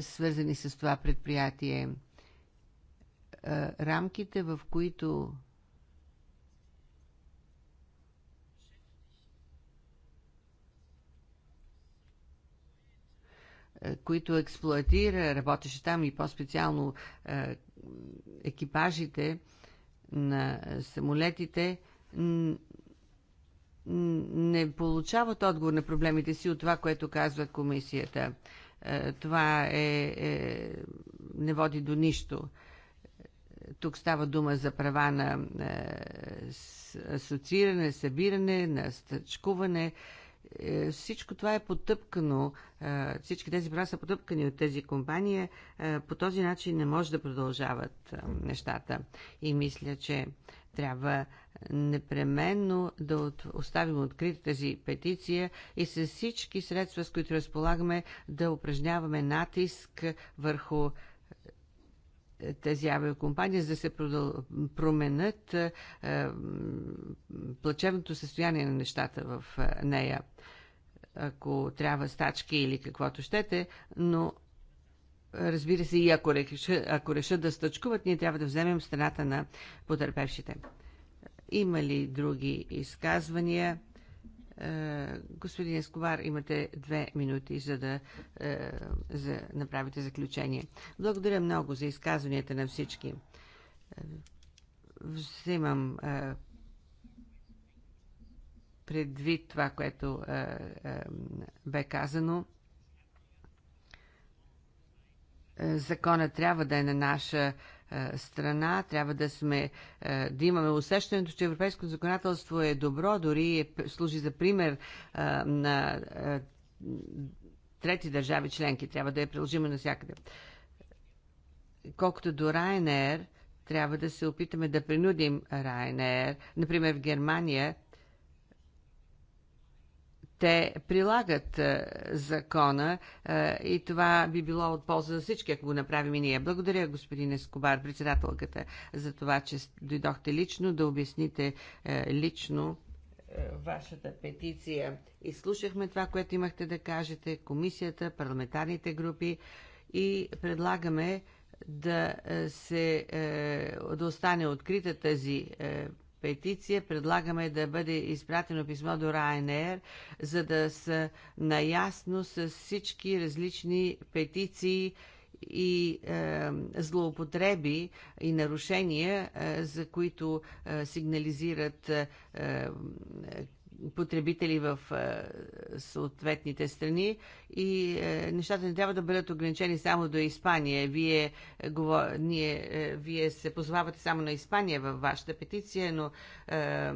свързани с това предприятие. Рамките, в които Е, които експлуатира работеше там и по-специално е, екипажите на е, самолетите, не получават отговор на проблемите си от това, което казва комисията. Това е, е, не води до нищо. Тук става дума за права на е, асоцииране, събиране, на стъчкуване, е, всичко това е потъпкано, е, всички тези права са потъпкани от тези компании. Е, по този начин не може да продължават нещата. И мисля, че трябва непременно да оставим открита тази петиция и с всички средства, с които разполагаме, да упражняваме натиск върху тези авиокомпании, за да се променят е, е, плачевното състояние на нещата в е, нея. Ако трябва стачки или каквото щете, но разбира се и ако решат, ако решат да стачкуват, ние трябва да вземем страната на потерпевшите. Има ли други изказвания? Е, господин Ескобар, имате две минути, за да е, за, направите заключение. Благодаря много за изказванията на всички. Е, Взимам предвид това, което бе казано закона трябва да е на наша е, страна. Трябва да, сме, е, да имаме усещането, че европейското законодателство е добро, дори е, служи за пример е, на трети държави членки. Трябва да е приложимо навсякъде. Колкото до Ryanair, трябва да се опитаме да принудим Ryanair. Например, в Германия те прилагат е, закона е, и това би било от полза за всички, ако го направим и ние. Благодаря, господин Ескобар, председателката, за това, че дойдохте лично да обясните е, лично вашата петиция. И слушахме това, което имахте да кажете, комисията, парламентарните групи и предлагаме да се да остане открита тази петиция предлагаме да бъде изпратено писмо до Ryanair, за да са наясно с всички различни петиции и е, злоупотреби и нарушения, е, за които е, сигнализират е, е потребители в е, съответните страни и е, нещата не трябва да бъдат ограничени само до Испания. Вие, е, Ние, вие се позовавате само на Испания във вашата петиция, но е,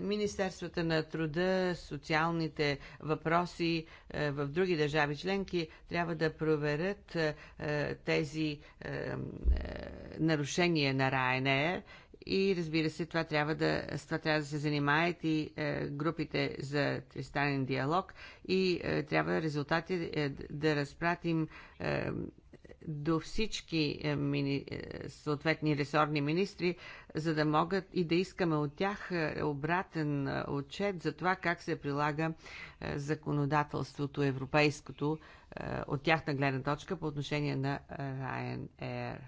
Министерствата на труда, социалните въпроси е, в други държави членки трябва да проверят е, тези нарушения на Ryanair и разбира се, това трябва да, с това трябва да се занимаят и е, групите за тристранен диалог и е, трябва резултати е, да разпратим е, до всички е, мини, е, съответни ресорни министри, за да могат и да искаме от тях е, обратен е, отчет за това как се прилага е, законодателството европейското е, от тяхна гледна точка по отношение на Ryanair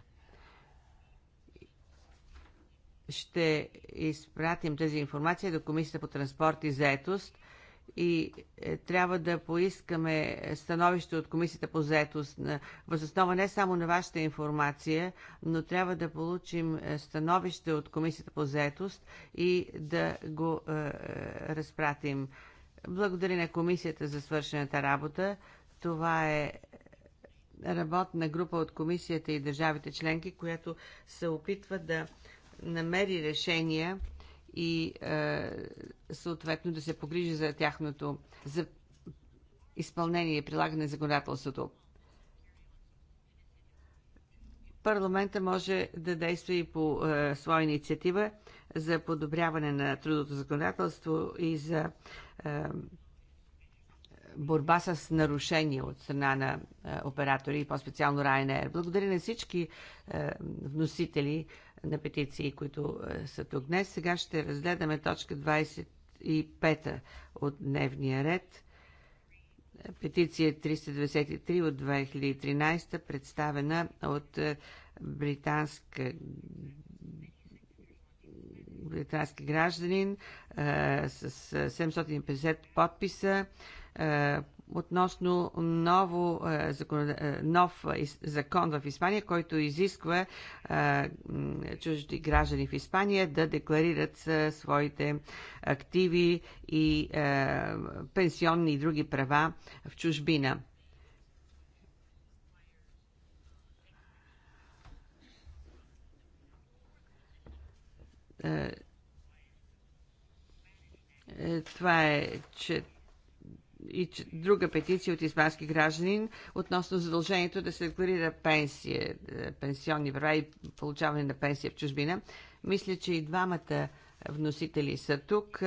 ще изпратим тази информация до Комисията по транспорт и заетост и е, трябва да поискаме становище от Комисията по заетост възоснова не само на вашата информация, но трябва да получим е, становище от Комисията по заетост и да го е, е разпратим. Благодаря на Комисията за свършената работа. Това е работна група от Комисията и държавите членки, която се опитва да намери решения и е, съответно да се погрижи за тяхното за изпълнение и прилагане на законодателството. Парламента може да действа и по е, своя инициатива за подобряване на трудното законодателство и за е, борба с нарушения от страна на е, оператори и по-специално Ryanair. Благодаря на всички е, вносители, на петиции, които е, са тук днес. Сега ще разгледаме точка 25 от дневния ред. Петиция 393 от 2013, представена от е, британска британски гражданин е, с 750 подписа относно ново, е, закон, е, нов закон в Испания, който изисква е, чужди граждани в Испания да декларират своите активи и пенсионни и други права в чужбина. Това е че и друга петиция от испански гражданин относно задължението да се декларира пенсия, е, пенсионни права и получаване на пенсия в чужбина. Мисля, че и двамата вносители са тук.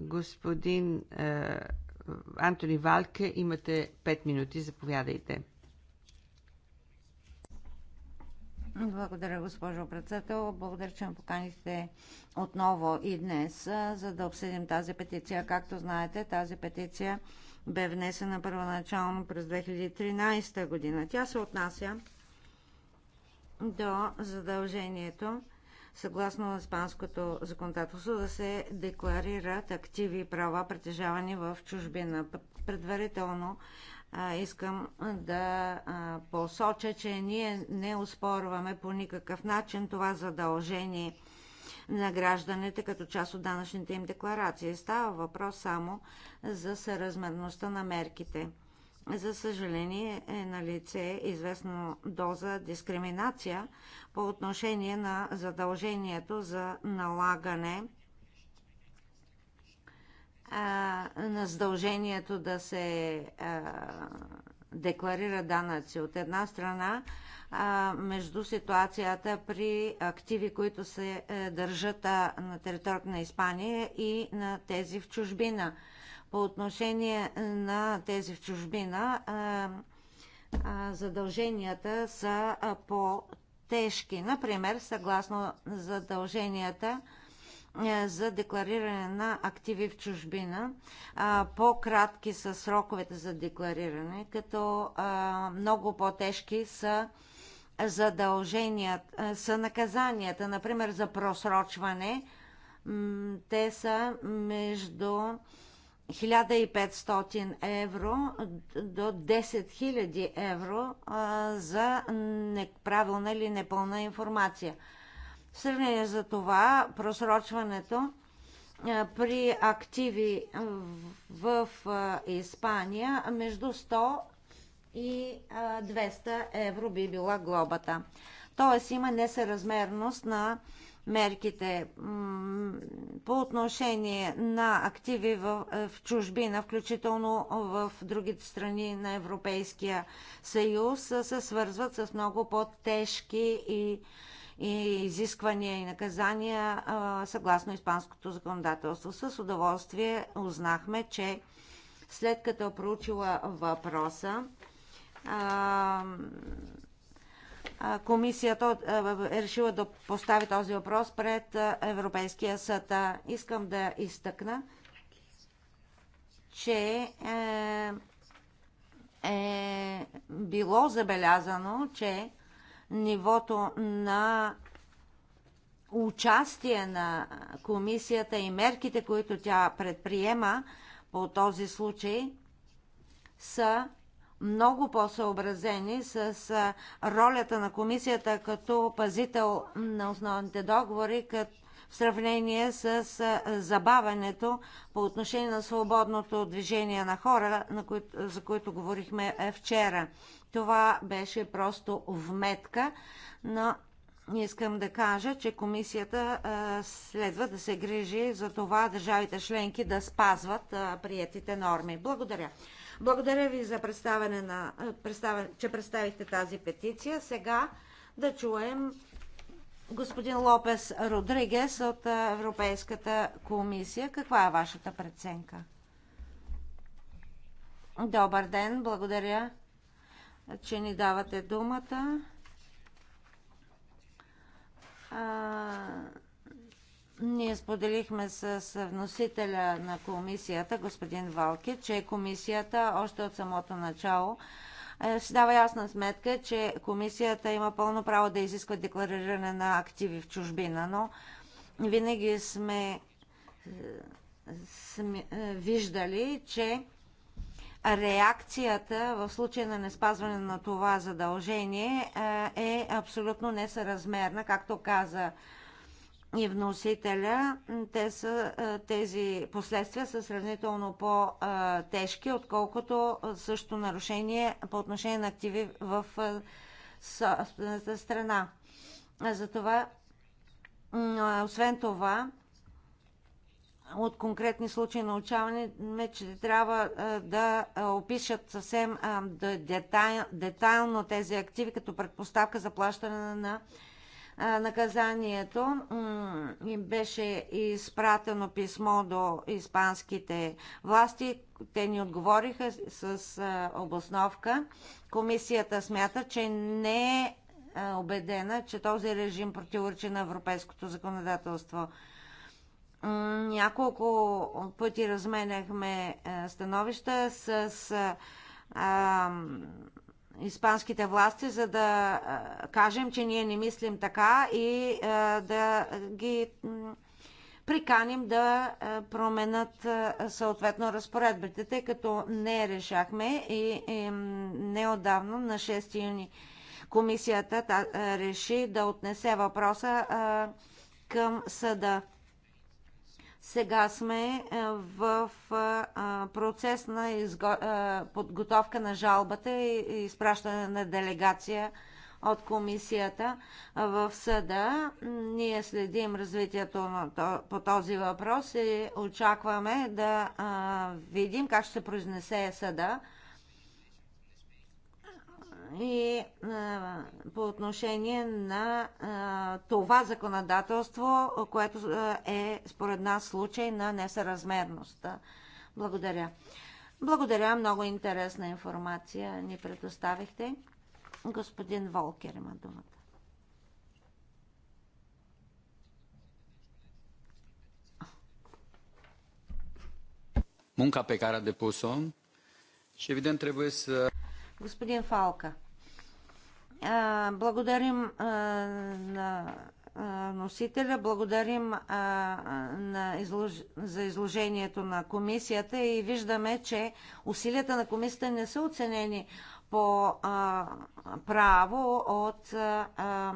Господин е, Антони Валка, имате 5 минути, заповядайте. Благодаря, госпожо председател. Благодаря, че ме поканихте отново и днес, за да обсъдим тази петиция. Както знаете, тази петиция бе внесена първоначално през 2013 година. Тя се отнася до задължението съгласно испанското законодателство да се декларират активи и права, притежавани в чужбина. Предварително искам да посоча, че ние не успорваме по никакъв начин това задължение на гражданите като част от данъчните им декларации. Става въпрос само за съразмерността на мерките. За съжаление е на лице известна доза дискриминация по отношение на задължението за налагане а, на задължението да се а, декларира данъци. От една страна, а, между ситуацията при активи, които се а, е, държат а, на територията на Испания и на тези в чужбина. По отношение е, на тези в чужбина, а, е, а, задълженията са по-тежки. Например, съгласно задълженията, е, за деклариране на активи в чужбина. По-кратки са сроковете за деклариране, като много по-тежки са задълженията, са наказанията, например за просрочване. Те са между 1500 евро до 10 000 евро за неправилна или непълна информация. В сравнение за това, просрочването при активи в Испания между 100 и 200 евро би била глобата. Тоест има несъразмерност на мерките по отношение на активи в, в чужбина, включително в другите страни на Европейския съюз, се свързват с много по-тежки и и изисквания и наказания съгласно испанското законодателство. С удоволствие узнахме, че след като е проучила въпроса, комисията е решила да постави този въпрос пред Европейския съд. Искам да изтъкна, че е, е било забелязано, че нивото на участие на комисията и мерките, които тя предприема по този случай, са много по-съобразени с ролята на комисията като пазител на основните договори, като в сравнение с забавянето по отношение на свободното движение на хора, на които, за които говорихме е, вчера. Това беше просто вметка, но искам да кажа, че комисията следва да се грижи за това държавите членки да спазват приетите норми. Благодаря. Благодаря ви за представяне на, че представихте тази петиция. Сега да чуем господин Лопес Родригес от Европейската комисия. Каква е вашата преценка? Добър ден, благодаря, че ни давате думата. А, ние споделихме с вносителя на комисията, господин Валки, че комисията още от самото начало си е, дава ясна сметка, че комисията има пълно право да изисква деклариране на активи в чужбина, но винаги сме, е, сме е, виждали, че реакцията в случай на неспазване на това задължение е абсолютно несъразмерна, както каза и вносителя, те са, тези последствия са сравнително по-тежки, отколкото също нарушение по отношение на активи в собствената страна. Затова, освен това, от конкретни случаи научаваме, че трябва да опишат съвсем детайл, детайлно тези активи като предпоставка за плащане на наказанието им беше изпратено писмо до испанските власти. Те ни отговориха с обосновка. Комисията смята, че не е убедена, че този режим противоречи на европейското законодателство. Няколко пъти разменяхме становища с испанските власти, за да кажем, че ние не мислим така и да ги приканим да променят съответно разпоредбите, тъй като не решахме и неодавно на 6 юни комисията реши да отнесе въпроса към съда. Сега сме е, в е, процес на изго... Е, подготовка на жалбата и изпращане на делегация от комисията в съда. Ние следим развитието на то, по този въпрос и очакваме да видим как ще се произнесе съда и а, по отношение на а, това законодателство, което е според нас случай на несъразмерност. Благодаря. Благодаря, много интересна информация ни предоставихте. Господин Волкер има думата. Мунка pe care a depus-o și Господин Фалка, Благодарим на носителя, благодарим на излож... за изложението на комисията и виждаме, че усилията на комисията не са оценени по а, право от а,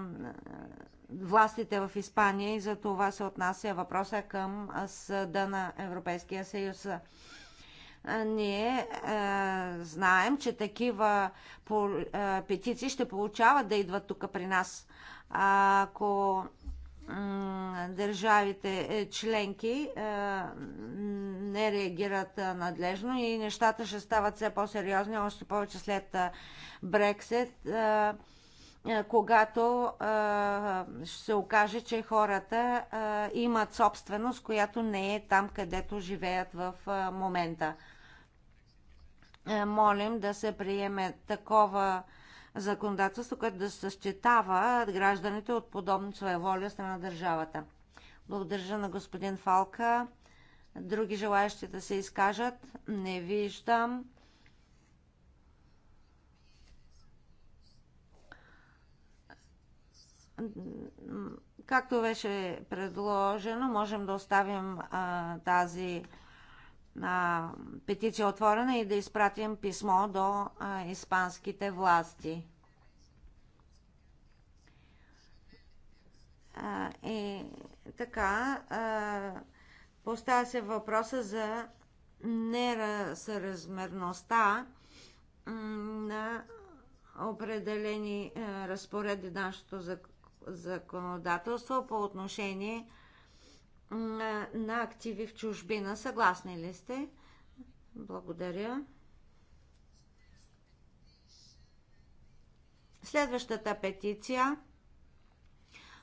властите в Испания и за това се отнася въпроса към съда на Европейския съюз ние знаем, че такива петиции ще получават да идват тук при нас. Ако държавите е, членки не реагират надлежно и нещата ще стават все по-сериозни, още повече след Брексит, когато ще се окаже, че хората имат собственост, която не е там, където живеят в момента. Е, молим да се приеме такова законодателство, което да съчетава гражданите от подобно своеволие страна на държавата. Благодаря на господин Фалка. Други желаящи да се изкажат? Не виждам. Както беше предложено, можем да оставим а, тази а, петиция отворена и да изпратим писмо до а, испанските власти. А, и така, а, поставя се въпроса за неразмерността на определени разпореди нашето законодателство по отношение на на активи в чужбина. Съгласни ли сте? Благодаря. Следващата петиция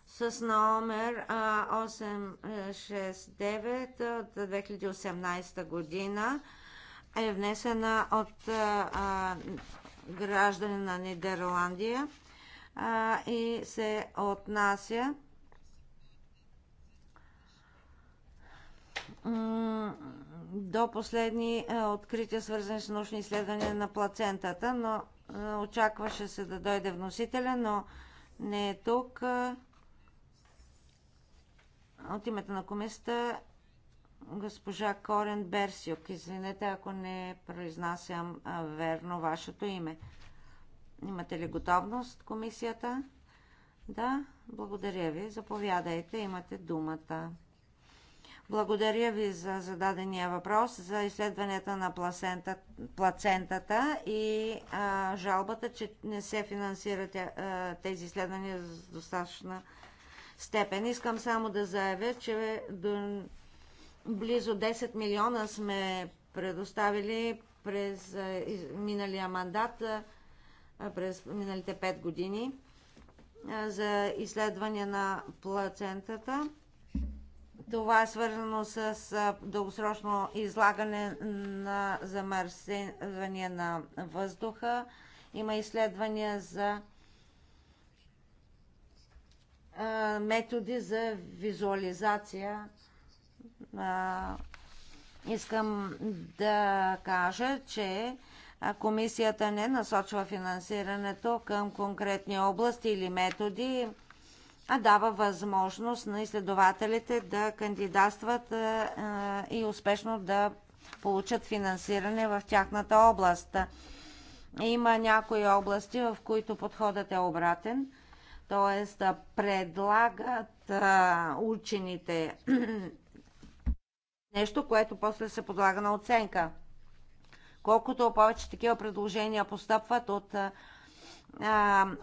с номер 869 от 2018 година е внесена от граждани на Нидерландия и се отнася до последни е, открития, свързани с научни изследвания на плацентата, но е, очакваше се да дойде вносителя, но не е тук. Е, от името на комисията госпожа Корен Берсиок, Извинете, ако не произнасям верно вашето име. Имате ли готовност, комисията? Да, благодаря ви. Заповядайте, имате думата. Благодаря ви за зададения въпрос, за изследванията на плацента, плацентата и а, жалбата, че не се финансират а, тези изследвания с достатъчна степен. Искам само да заявя, че до близо 10 милиона сме предоставили през а, миналия мандат, а, през миналите 5 години а, за изследване на плацентата това е свързано с дългосрочно излагане на замърсяване на въздуха. Има изследвания за методи за визуализация. Искам да кажа, че комисията не насочва финансирането към конкретни области или методи а дава възможност на изследователите да кандидатстват е, е, и успешно да получат финансиране в тяхната област. Има някои области, в които подходът е обратен, т.е. предлагат е, учените [CLEARS THROAT] нещо, което после се подлага на оценка. Колкото повече такива предложения постъпват от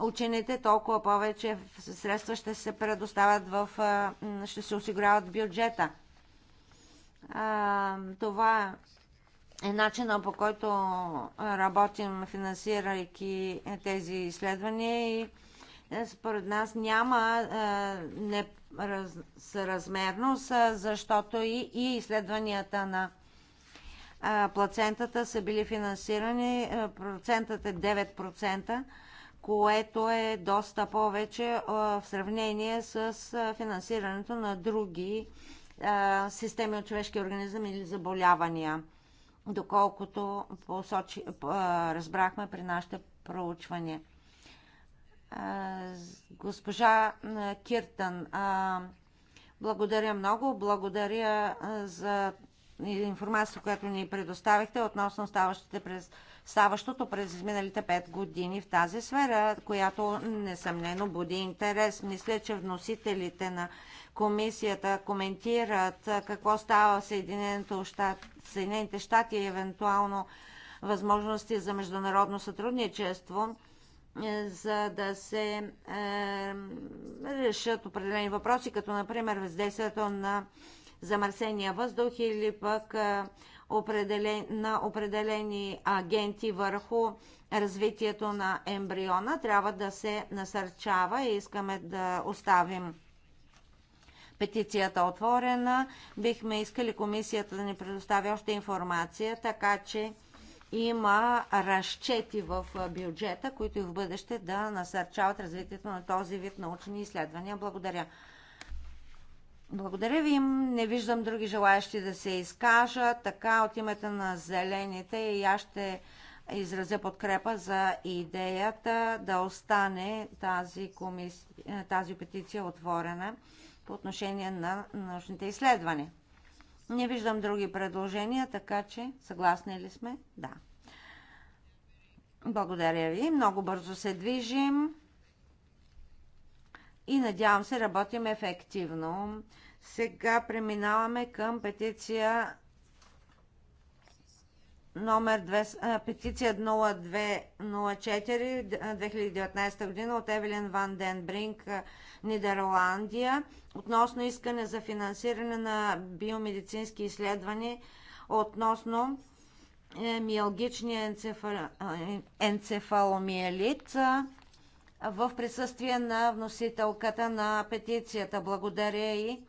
учените, толкова повече средства ще се предоставят в, ще се осигуряват в бюджета. Това е начина по който работим, финансирайки тези изследвания и е, според нас няма е, несъразмерност, защото и, и изследванията на плацентата са били финансирани. Е, процентът е 9% което е доста повече в сравнение с финансирането на други системи от човешки организъм или заболявания, доколкото посочи, разбрахме при нашите проучвания. Госпожа Киртън, благодаря много. Благодаря за информацията, която ни предоставихте относно ставащите през ставащото през изминалите 5 години в тази сфера, която несъмнено буди интерес. Мисля, че вносителите на комисията коментират какво става в Съединените щати и евентуално възможности за международно сътрудничество е, за да се е, решат определени въпроси, като например въздействието на замърсения въздух или пък е, на определени агенти върху развитието на ембриона. Трябва да се насърчава и искаме да оставим петицията отворена. Бихме искали комисията да ни предостави още информация, така че има разчети в бюджета, които и в бъдеще да насърчават развитието на този вид научни изследвания. Благодаря. Благодаря ви. Не виждам други желаящи да се изкажа. Така от името на зелените и аз ще изразя подкрепа за идеята да остане тази, комис... тази петиция отворена по отношение на научните изследвания. Не виждам други предложения, така че съгласни ли сме? Да. Благодаря ви. Много бързо се движим и надявам се работим ефективно. Сега преминаваме към петиция номер 2, петиция 0204-2019 година от Евелин Ван Ден Бринг, Нидерландия, относно искане за финансиране на биомедицински изследвания относно е, миалгичния енцефал... енцефаломиелит в присъствие на вносителката на петицията. Благодаря и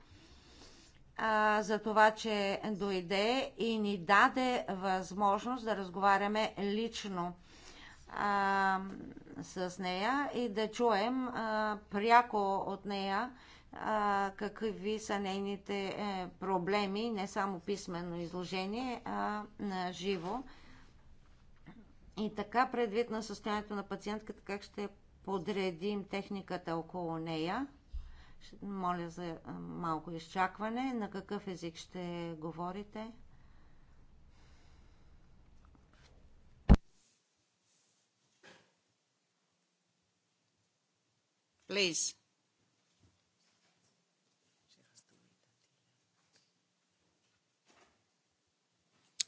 а, за това, че дойде и ни даде възможност да разговаряме лично а, с нея и да чуем а, пряко от нея а, какви са нейните е, проблеми, не само писменно изложение, а на живо. И така, предвид на състоянието на пациентката, как ще подредим техниката около нея. Моля за малко изчакване. На какъв език ще говорите? Please.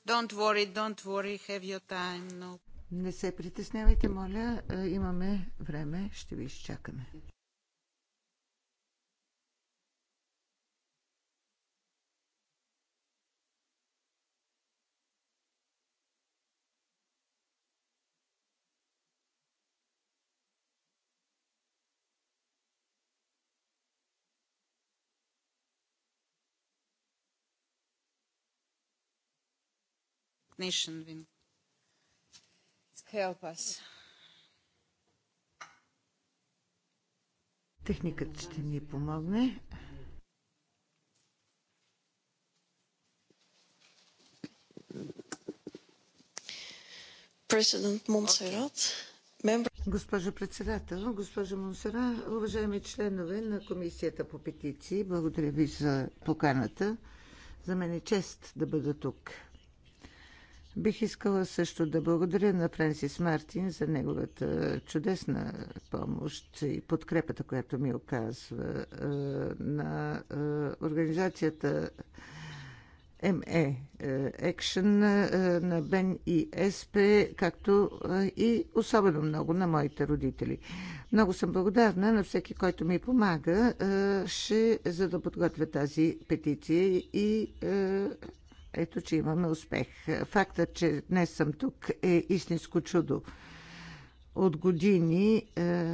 Don't worry, don't worry, have your time. No. Не се притеснявайте, моля. Е, имаме време. Ще ви изчакаме. nation win help us. Техникът ще ни помогне. Госпожо председател, госпожо Монсера, уважаеми членове на Комисията по петиции, благодаря ви за поканата. За мен е чест да бъда тук. Бих искала също да благодаря на Френсис Мартин за неговата е, чудесна помощ и подкрепата, която ми оказва е, на е, организацията ME Екшен на Бен и СП, както и особено много на моите родители. Много съм благодарна на всеки, който ми помага, ще, за да подготвя тази петиция и ето, че имаме успех. Фактът, че днес съм тук е истинско чудо. От години е,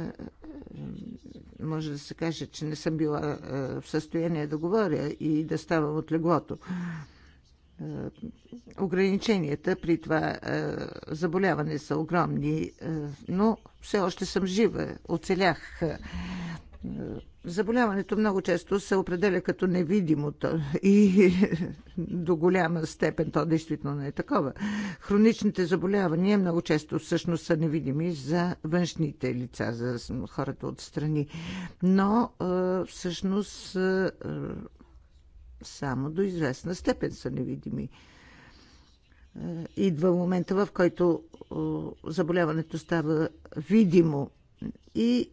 може да се каже, че не съм била е, в състояние да говоря и да ставам от леглото. Е, ограниченията при това заболяване са огромни, но все още съм жива, оцелях. Заболяването много често се определя като невидимо и [LAUGHS] до голяма степен то действително не е такова. Хроничните заболявания много често всъщност са невидими за външните лица, за хората от страни. Но всъщност само до известна степен са невидими. Идва момента, в който заболяването става видимо и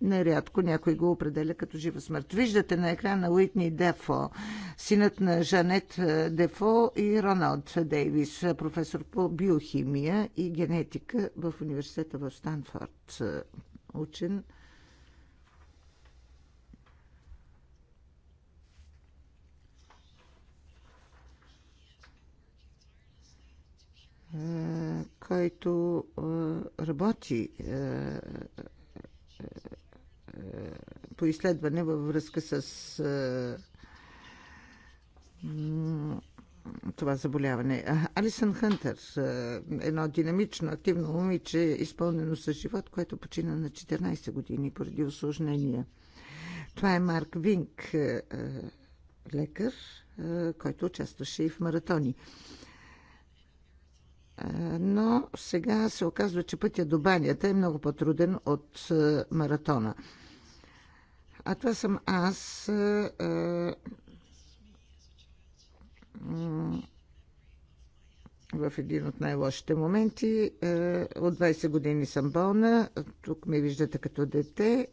Нарядко някой го определя като жива смърт. Виждате на екрана Уитни Дефо, синът на Жанет е, Дефо и Роналд Дейвис, е, професор по биохимия и генетика в университета в Станфорд. Е, учен. който работи по изследване във връзка с това заболяване. Алисън Хънтър, едно динамично, активно момиче, изпълнено с живот, което почина на 14 години поради осложнения. Това е Марк Винк, лекар, който участваше и в маратони. Но сега се оказва, че пътя до банята е много по-труден от маратона. А това съм аз. в един от най-лошите моменти. От 20 години съм болна. Тук ме виждате като дете.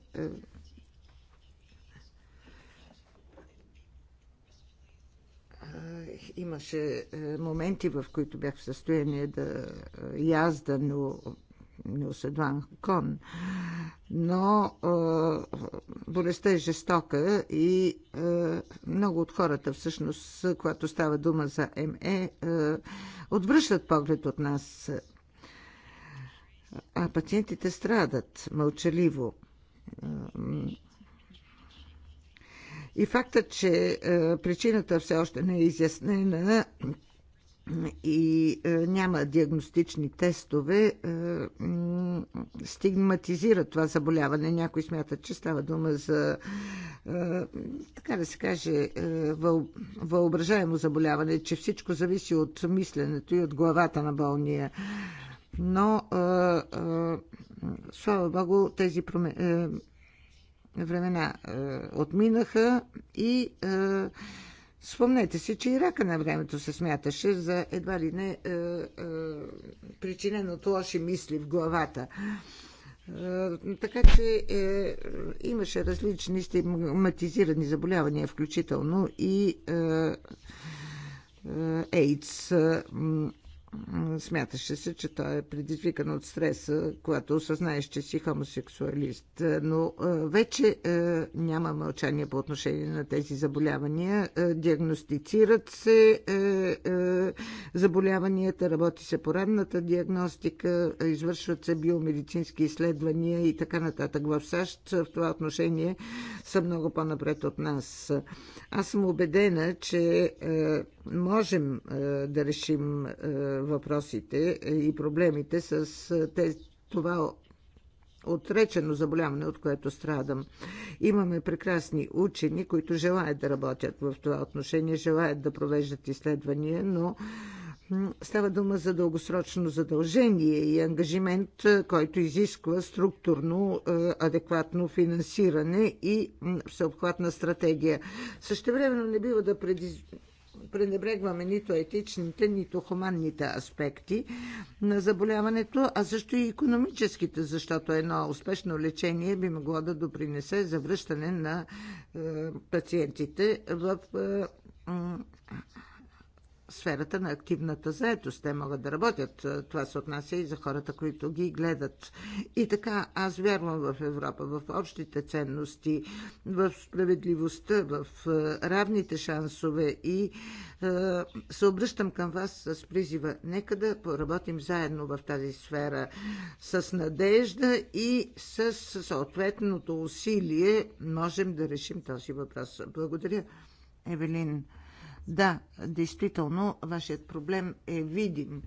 Имаше моменти, в които бях в състояние да язда, но Нюседуан Кон. Но е, болестта е жестока и е, много от хората, всъщност, когато става дума за МЕ, е, отвръщат поглед от нас. А пациентите страдат мълчаливо. И факта, че причината все още не е изяснена, и е, няма диагностични тестове, е, стигматизира това заболяване. Някой смятат, че става дума за, е, така да се каже, въображаемо заболяване, че всичко зависи от мисленето и от главата на болния. Но, слава Богу, тези е, времена отминаха и Спомнете си, че и рака на времето се смяташе за едва ли не е, е, причиненото лоши мисли в главата. Е, така че е, имаше различни стигматизирани заболявания, включително и е, е, AIDS. Е, Смяташе се, че той е предизвикан от стреса, когато осъзнаеш, че си хомосексуалист. Е, но е, вече е, няма мълчание по отношение на тези заболявания. Диагностицират се заболяванията, работи се по ранната диагностика, извършват се биомедицински изследвания и така нататък. В САЩ в това отношение са много по-напред от нас. Аз съм убедена, че можем да решим въпросите е, и проблемите с е, тези, това отречено заболяване, от което страдам. Имаме прекрасни учени, които желаят да работят в това отношение, желаят да провеждат изследвания, но става дума за дългосрочно задължение и ангажимент, е, който изисква структурно адекватно финансиране и всеобхватна стратегия. времено не бива да предизвикаме пренебрегваме нито етичните, нито хуманните аспекти на заболяването, а също и економическите, защото едно успешно лечение би могло да допринесе за връщане на е, пациентите в е, сферата на активната заетост. Те могат да работят. Това се отнася и за хората, които ги гледат. И така, аз вярвам в Европа, в общите ценности, в справедливостта, в е, равните шансове и е, се обръщам към вас с призива. Нека да поработим заедно в тази сфера с надежда и с съответното усилие можем да решим този въпрос. Благодаря, Евелин. Да, действително, вашият проблем е видим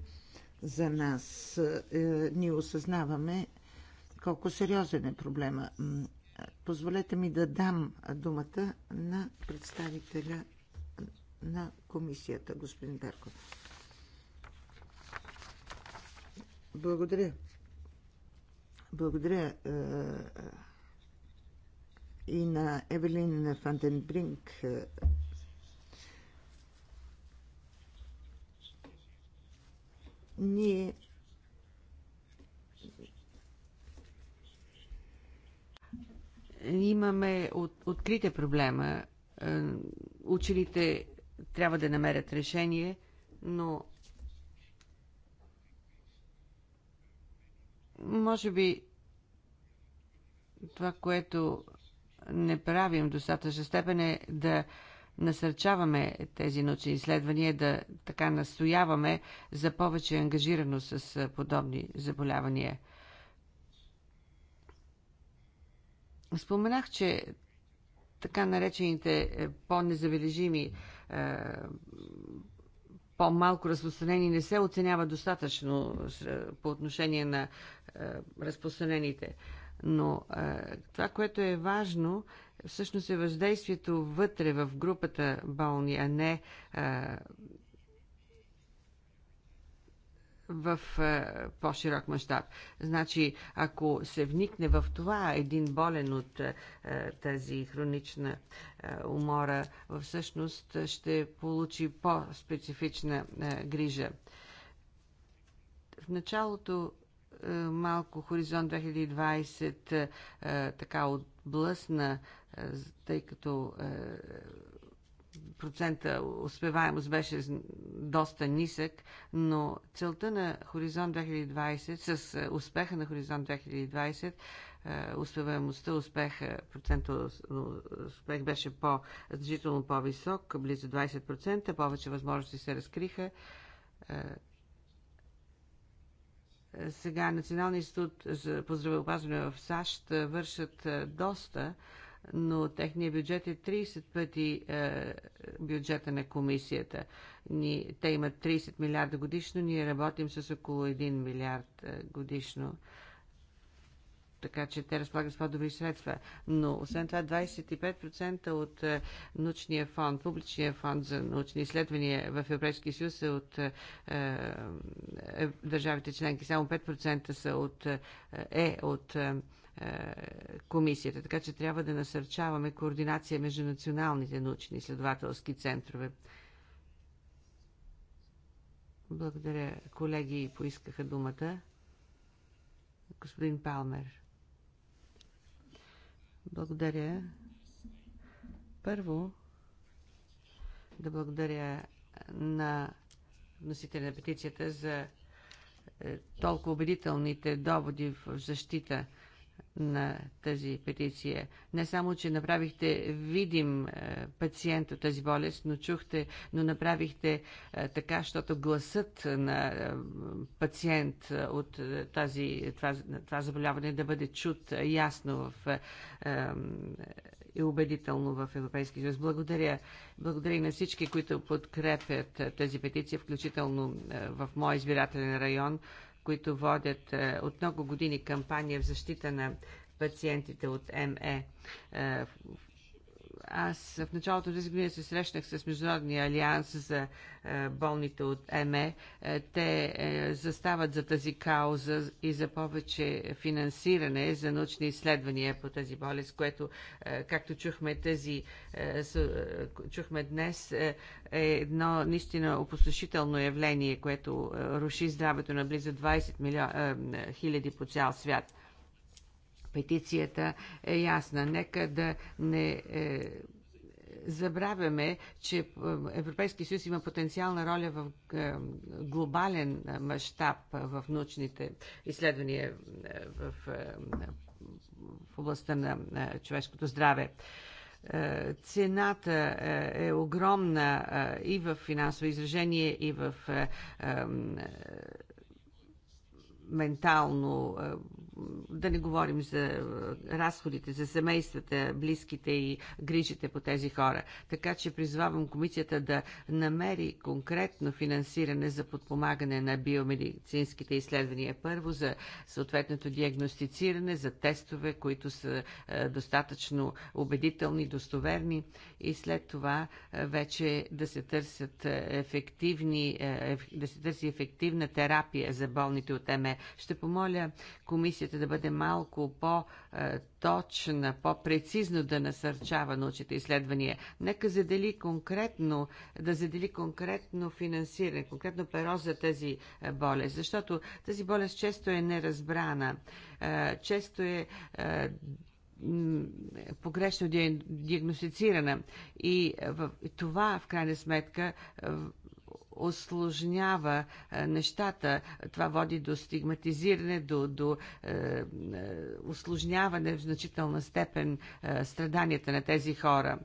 за нас. Е, ние осъзнаваме колко сериозен е проблема. Позволете ми да дам думата на представителя на комисията, господин Берков. Благодаря. Благодаря е, и на Евелин Фантенбринг Ние имаме от, открита проблема. Е, Учените трябва да намерят решение, но може би това, което не правим достатъчно степен е да насърчаваме тези научни изследвания, да така настояваме за повече ангажирано с подобни заболявания. Споменах, че така наречените е, по-незабележими, е, по-малко разпространени не се оценява достатъчно е, по отношение на разпространените. Но това, което е важно, всъщност е въздействието вътре в групата болни, а не а, в а, по-широк мащаб. Значи, ако се вникне в това, един болен от а, тази хронична а, умора, всъщност ще получи по-специфична грижа. В началото малко Хоризонт 2020 така отблъсна тъй като е, процента успеваемост беше доста нисък, но целта на Хоризонт 2020, с е, успеха на Хоризонт 2020, е, успеваемостта, успеха, процента успех беше по, значително по-висок, близо 20%, повече възможности се разкриха. Сега Националния институт за поздравеопазване в САЩ вършат доста но техният бюджет е 30 пъти е, бюджета на комисията. Ни, те имат 30 милиарда годишно, ние работим с около 1 милиард е, годишно. Така че те разполагат с по-добри средства. Но освен това 25% от е, научния фонд, публичния фонд за научни изследвания в Европейския съюз е от е, е, държавите членки. Само 5% са от, е, е от е, комисията, така че трябва да насърчаваме координация между националните научни изследователски центрове. Благодаря. Колеги поискаха думата. Господин Палмер. Благодаря. Първо, да благодаря на носителя на петицията за е, толкова убедителните доводи в защита на тази петиция. Не само, че направихте видим е, пациент от тази болест, но чухте, но направихте е, така, защото гласът на е, пациент от тази, това, това заболяване да бъде чут ясно в и убедително в Европейския съюз. Благодаря. Благодаря и на всички, които подкрепят тази петиция, включително в моя избирателен район които водят е, от много години кампания в защита на пациентите от МЕ, е, аз в началото на тази година се срещнах с Международния алианс за е, болните от МЕ. Е, те е, застават за тази кауза и за повече финансиране за научни изследвания по тази болест, което, както чухме, тази, чухме днес, е едно наистина опустошително явление, което руши здравето на близо 20 хиляди по цял свят. Петицията е ясна. Нека да не е, забравяме, че е, Европейския съюз има потенциална роля в е, глобален мащаб в научните изследвания е, в, в областта на човешкото здраве цената е огромна и в финансово изражение, и в ментално да не говорим за е, разходите за семействата, близките и грижите по тези хора. Така че призвавам комисията да намери конкретно финансиране за подпомагане на биомедицинските изследвания. Първо за съответното диагностициране, за тестове, които са е, достатъчно убедителни, достоверни и след това е, вече да се търсят ефективни, да се търси ефективна терапия за болните от МЕ. Ще помоля комисията опитате да бъде малко по-точна, по-прецизно да насърчава научните изследвания. Нека задели конкретно, да задели конкретно финансиране, конкретно перо за тази е, болест, защото тази болест често е неразбрана, е, често е, е погрешно диагностицирана. И това, в крайна сметка, осложнява е, нещата. Това води до стигматизиране, до, до е, осложняване е, в значителна степен е, страданията на тези хора.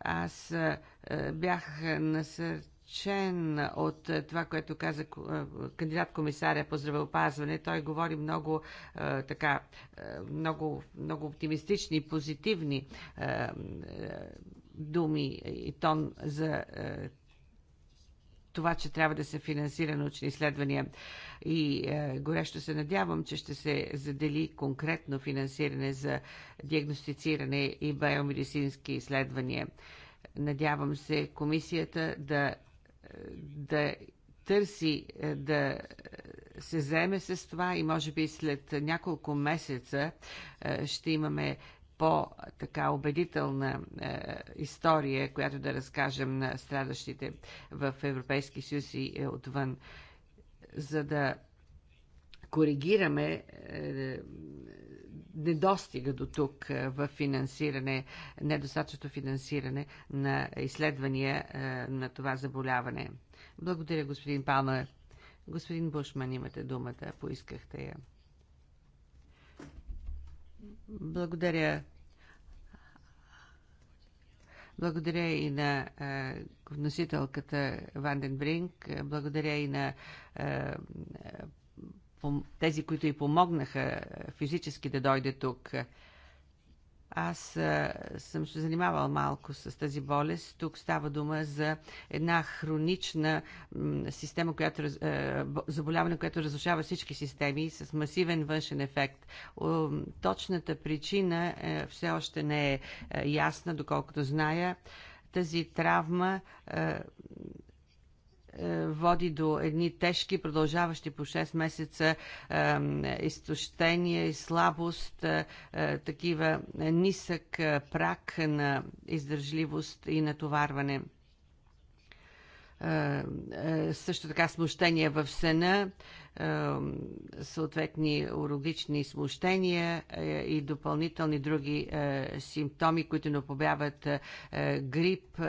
Аз е, е бях насърчен от това, което каза кандидат комисаря по здравеопазване. Той говори много така, много, много оптимистични и позитивни думи и тон за това, че трябва да се финансира научни изследвания. И е, горещо се надявам, че ще се задели конкретно финансиране за диагностициране и биомедицински изследвания. Надявам се комисията да, е, да търси е, да се заеме с това и може би след няколко месеца е, ще имаме по-така убедителна е, история, която да разкажем на страдащите в Европейски съюз и е, отвън, за да коригираме е, недостига до тук е, в финансиране, недостатъчното финансиране на изследвания е, на това заболяване. Благодаря, господин Палмер. Господин Бушман, имате думата, поискахте я. Благодаря. Благодаря и на е, вносителката Ванден Бринк. Благодаря и на е, тези, които и помогнаха физически да дойде тук. Аз а, съм се занимавал малко с тази болест. Тук става дума за една хронична м, система, която, а, заболяване, което разрушава всички системи с масивен външен ефект. О, точната причина е, все още не е, е ясна, доколкото зная. Тази травма е, е, води до едни тежки, продължаващи по 6 месеца изтощения и слабост, е, е, такива нисък прак на издържливост и натоварване. Също така смущение в сена, съответни урологични смущения е, и допълнителни други е, симптоми, които наподобяват е, грип,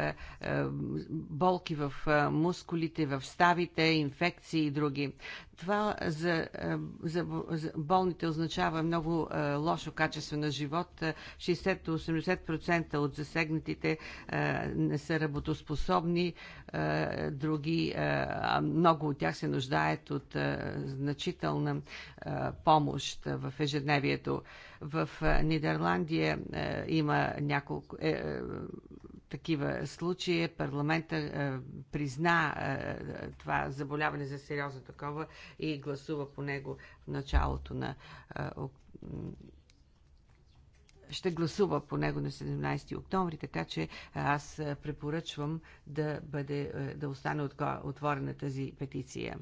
болки в мускулите, в ставите, инфекции и други. Това за, за, за болните означава много лошо качество на живот. 60-80% от засегнатите не са работоспособни, други, много от тях се нуждаят от значителна помощ в ежедневието. В Нидерландия има няколко е, е, такива случаи. Парламента е, призна е, това заболяване за сериозно такова и гласува по него в началото на. Е, ще гласува по него на 17 октомври, така че аз препоръчвам да, бъде, е, да остане отворена тази петиция.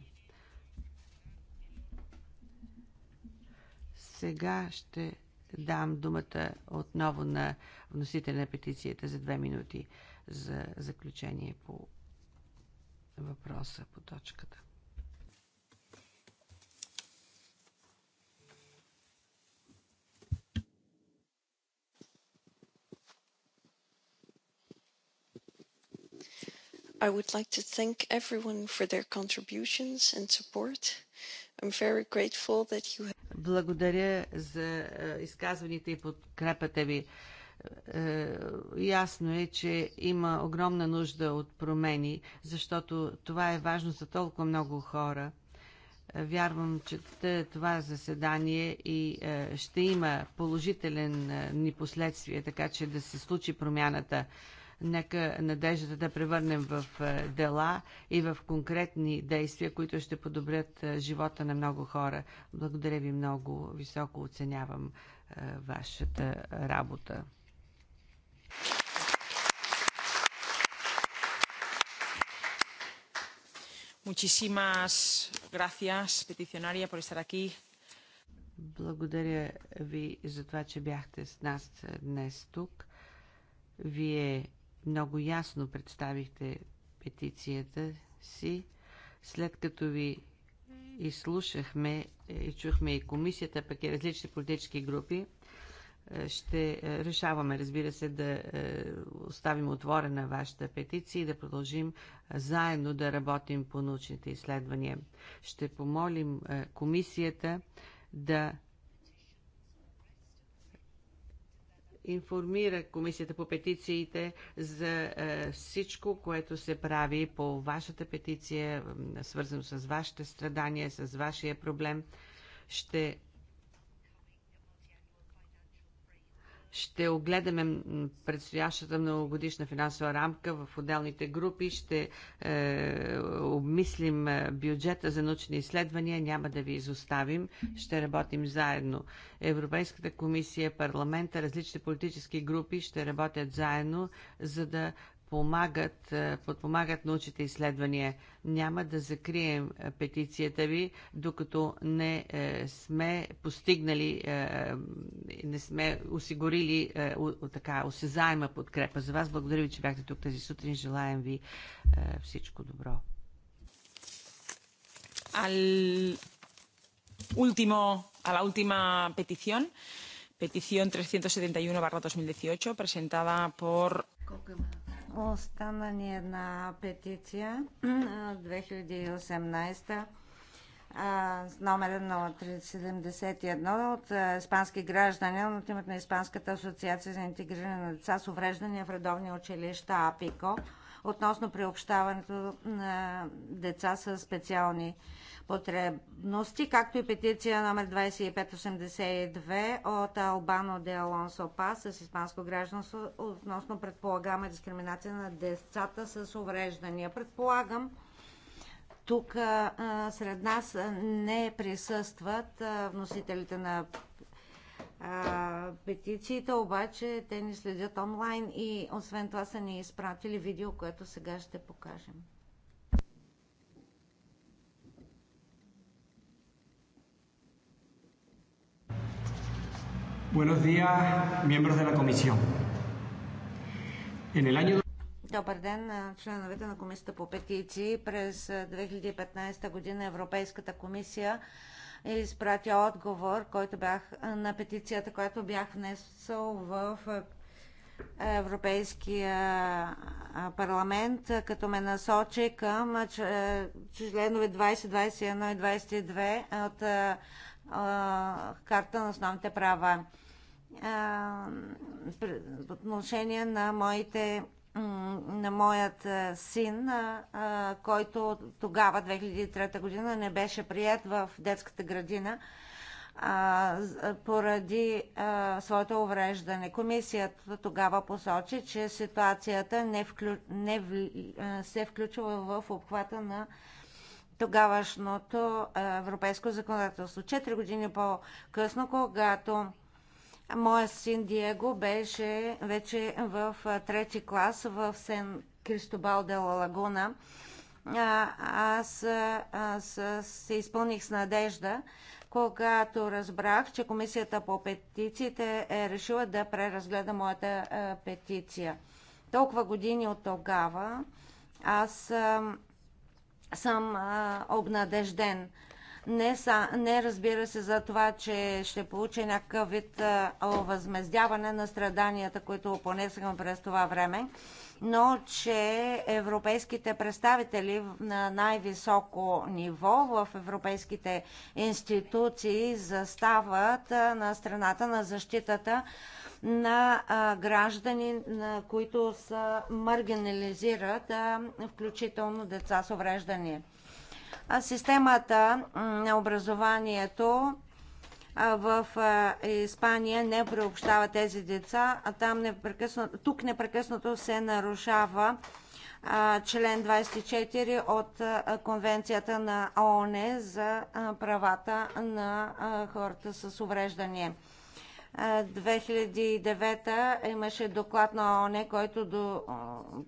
Сега ще дам думата отново на вносителя на петицията за две минути за заключение по въпроса по точката. I would like to thank everyone for their contributions and support. Благодаря за е, изказваните и подкрепата ви. Е, е, ясно е, че има огромна нужда от промени, защото това е важно за толкова много хора. Вярвам, че това заседание и ще има положителен ни последствие, така че да се случи промяната. Нека надеждата да превърнем в е, дела и в конкретни действия, които ще подобрят е, живота на много хора. Благодаря ви много. Високо оценявам е, вашата работа. Muchísimas gracias, peticionaria, por estar aquí. Благодаря ви за това, че бяхте с нас днес тук. Вие много ясно представихте петицията си, след като ви изслушахме е, и чухме и комисията, пък и различни политически групи. Е, ще е, решаваме, разбира се, да оставим отворена вашата петиция и да продължим заедно да работим по научните изследвания. Ще помолим комисията да информира Комисията по петициите за е, всичко, което се прави по вашата петиция, свързано с вашите страдания, с вашия проблем. Ще Ще огледаме предстоящата многогодишна финансова рамка в отделните групи, ще е, обмислим е, бюджета за научни изследвания, няма да ви изоставим, ще работим заедно. Европейската комисия, парламента, различни политически групи ще работят заедно, за да подпомагат, е, подпомагат научните изследвания. Няма да закрием е, петицията ви, докато не е, сме постигнали, не сме осигурили така осезаема подкрепа за вас. Благодаря ви, че бяхте тук тази сутрин. Желаем ви всичко добро. Al último, a la última petición, petición 371-2018, presentada por... Остана ни една петиция 2018 с номер 0371 от испански граждани от името на Испанската асоциация за интегриране на деца с увреждания в редовни училища АПИКО относно приобщаването на деца с специални потребности, както и петиция номер 2582 от Албано де Алонсо Пас с испанско гражданство относно предполагаме дискриминация на децата с увреждания. Предполагам, тук сред нас не присъстват вносителите на а, петициите, обаче те ни следят онлайн и освен това са ни изпратили видео, което сега ще покажем. Buenos días, miembros de la comisión. En el año Добър ден членовете на Комисията по петиции. През 2015 година Европейската комисия е изпратя отговор, който бях на петицията, която бях внесъл в е, Европейския парламент, като ме насочи към е, членове 20, 21 и 22 от Карта на основните права. По отношение на моите на моят е, син, който тогава, 2003 година, не беше прият в детската градина поради своето увреждане. Комисията тогава посочи, че ситуацията не, вклю... не в... се включва в обхвата на тогавашното европейско законодателство. Четири години по-късно, когато Моя син Диего беше вече в трети клас в Сен Кристобал де Лагуна. Аз, аз се изпълних с надежда, когато разбрах, че Комисията по петициите е решила да преразгледа моята а, петиция. Толкова години от тогава аз а, съм а, обнадежден. Не, са, не разбира се за това, че ще получи някакъв вид възмездяване на страданията, които понесахме през това време, но че европейските представители на най-високо ниво в европейските институции застават на страната на защитата на граждани, на които са маргинализират, включително деца с увреждания. Системата на образованието в Испания не приобщава тези деца, а там непрекъснато, тук непрекъснато се нарушава член 24 от Конвенцията на ООН за правата на хората с увреждане. 2009 имаше доклад на ООН, който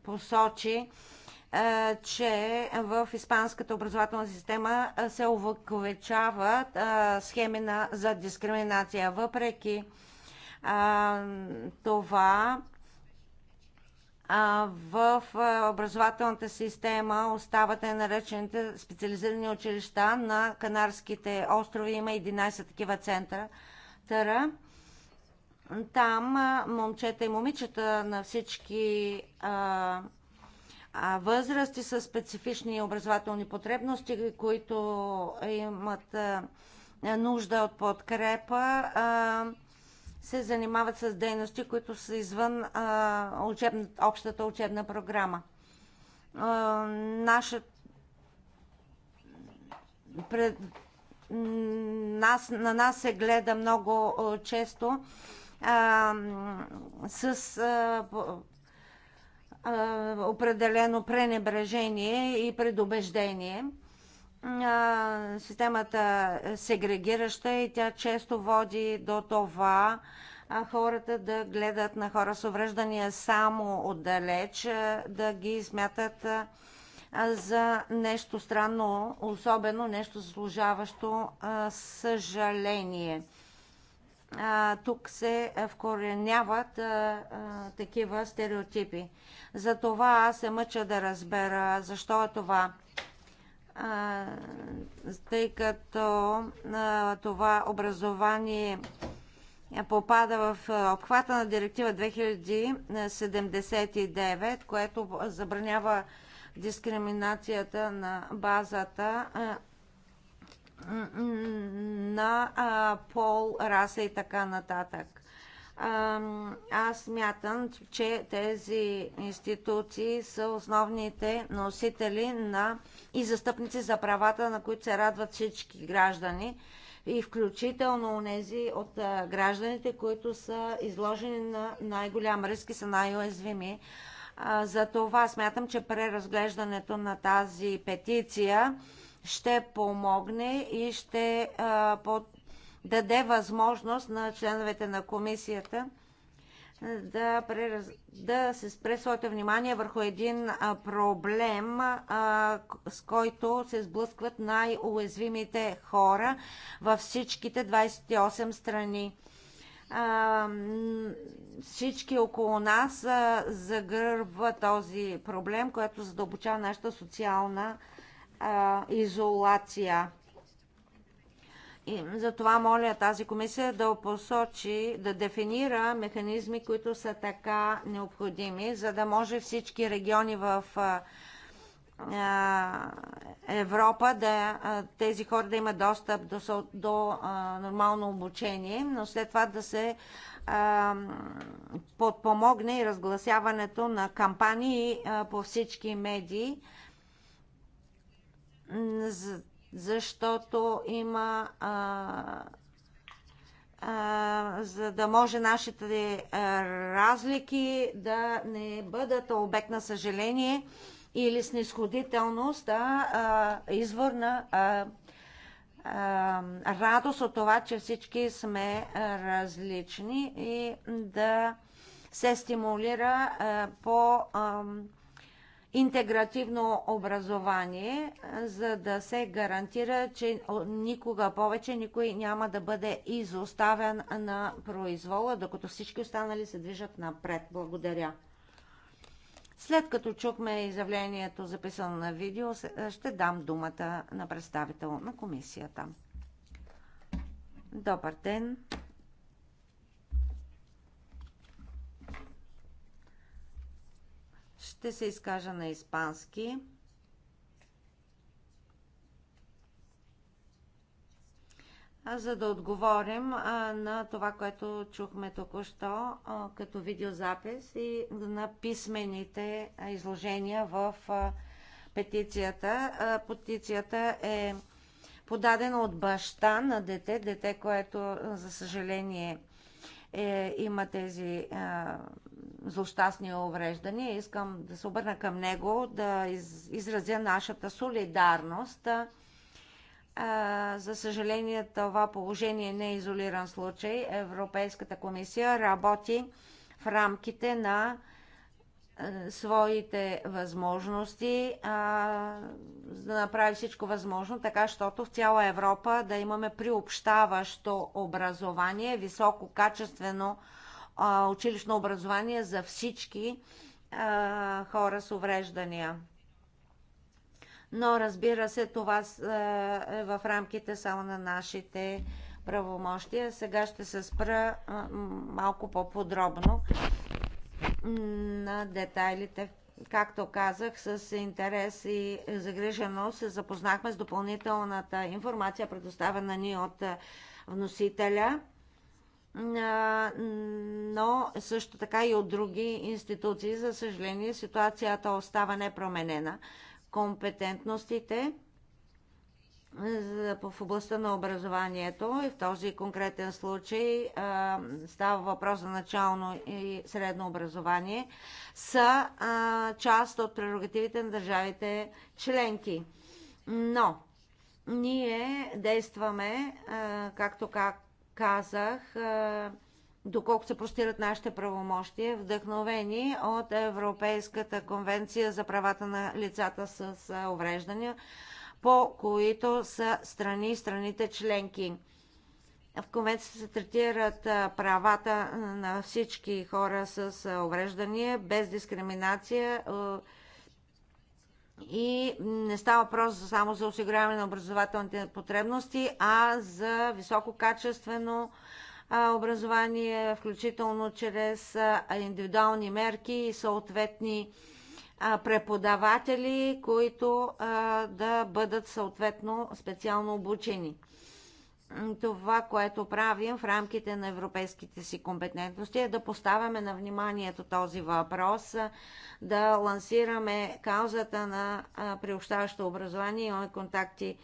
посочи че в испанската образователна система се увековечават схеми на, за дискриминация. Въпреки а, това, а, в образователната система остават наречените специализирани училища на Канарските острови. Има 11 такива центъра. Там момчета и момичета на всички а, възрасти с специфични образователни потребности, които имат нужда от подкрепа, се занимават с дейности, които са извън учебна, общата учебна програма. Наша пред нас, на нас се гледа много често а, с а, определено пренебрежение и предубеждение. Системата е сегрегираща и тя често води до това хората да гледат на хора с увреждания само отдалеч, да ги смятат за нещо странно, особено нещо заслужаващо съжаление а, тук се вкореняват а, а, такива стереотипи. Затова аз се мъча да разбера защо е това. А, тъй като а, това образование попада в обхвата на директива 2079, което забранява дискриминацията на базата на а, пол, раса и така нататък. А, аз мятам, че тези институции са основните носители на и застъпници за правата, на които се радват всички граждани и включително нези от а, гражданите, които са изложени на най-голям риск и са най-уязвими. За това смятам, че преразглеждането на тази петиция ще помогне и ще даде възможност на членовете на комисията да, прераз... да се спре своето внимание върху един проблем, с който се сблъскват най-уязвимите хора във всичките 28 страни. всички около нас загърбва този проблем, който задълбочава нашата социална а, изолация. И затова моля тази комисия да посочи, да дефинира механизми, които са така необходими, за да може всички региони в Европа да, тези хора да имат достъп до, до а, нормално обучение, но след това да се а, подпомогне и разгласяването на кампании а, по всички медии защото има а, а, за да може нашите е, разлики да не бъдат обект на съжаление или снисходителност, а, а извор на а, а, радост от това, че всички сме е, различни и да се стимулира а, е, по а, интегративно образование, за да се гарантира, че никога повече никой няма да бъде изоставен на произвола, докато всички останали се движат напред. Благодаря. След като чухме изявлението записано на видео, ще дам думата на представител на комисията. Добър ден! Ще се изкажа на испански. за да отговорим а, на това, което чухме току-що като видеозапис и на писмените а, изложения в петицията. Петицията е подадена от баща на дете, дете, което за съжаление е, има тези злощастни увреждания. Искам да се обърна към него, да из, изразя нашата солидарност. А, за съжаление, това положение не е изолиран случай. Европейската комисия работи в рамките на а, своите възможности, а, да направи всичко възможно, така, щото в цяла Европа да имаме приобщаващо образование, висококачествено. качествено образование училищно образование за всички а, хора с увреждания. Но разбира се, това е в рамките само на нашите правомощия. Сега ще се спра малко по-подробно на детайлите. Както казах, с интерес и загриженост се запознахме с допълнителната информация, предоставена ни от вносителя но също така и от други институции. За съжаление, ситуацията остава непроменена. Компетентностите в областта на образованието и в този конкретен случай става въпрос за начално и средно образование, са част от прерогативите на държавите членки. Но ние действаме, както как казах, доколко се простират нашите правомощия, вдъхновени от Европейската конвенция за правата на лицата с увреждания, по които са страни страните членки. В конвенцията се третират правата на всички хора с увреждания без дискриминация и не става въпрос само за осигуряване на образователните потребности, а за висококачествено образование, включително чрез индивидуални мерки и съответни преподаватели, които да бъдат съответно специално обучени това, което правим в рамките на европейските си компетентности е да поставяме на вниманието този въпрос, да лансираме каузата на приобщаващо образование. Имаме контакти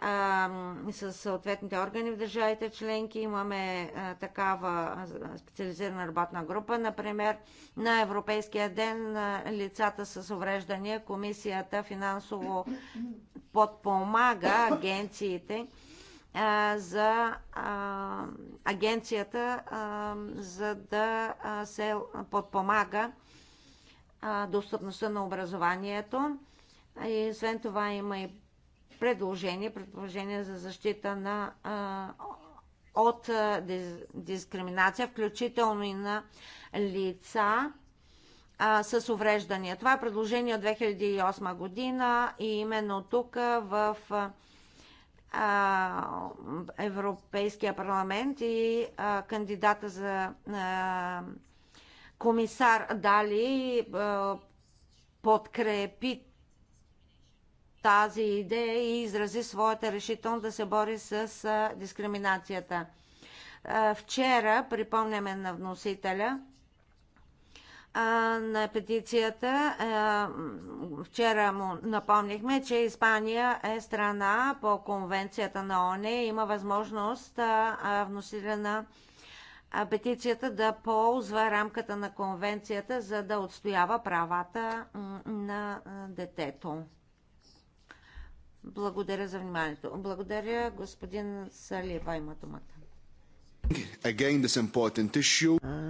а, с съответните органи в държавите членки. Имаме а, такава специализирана работна група. Например, на Европейския ден на лицата с увреждания комисията финансово подпомага агенциите за агенцията, за да се подпомага достъпността на образованието. И освен това има и предложение, предложение за защита на, от дискриминация, включително и на лица с увреждания. Това е предложение от 2008 година и именно тук в Европейския парламент и кандидата за комисар Дали подкрепи тази идея и изрази своята решителност да се бори с дискриминацията. Вчера, припомняме на вносителя, на петицията. Вчера му напомнихме, че Испания е страна по конвенцията на ОНЕ и има възможност вносителя на петицията да ползва рамката на конвенцията, за да отстоява правата на детето. Благодаря за вниманието. Благодаря, господин Салива има думата.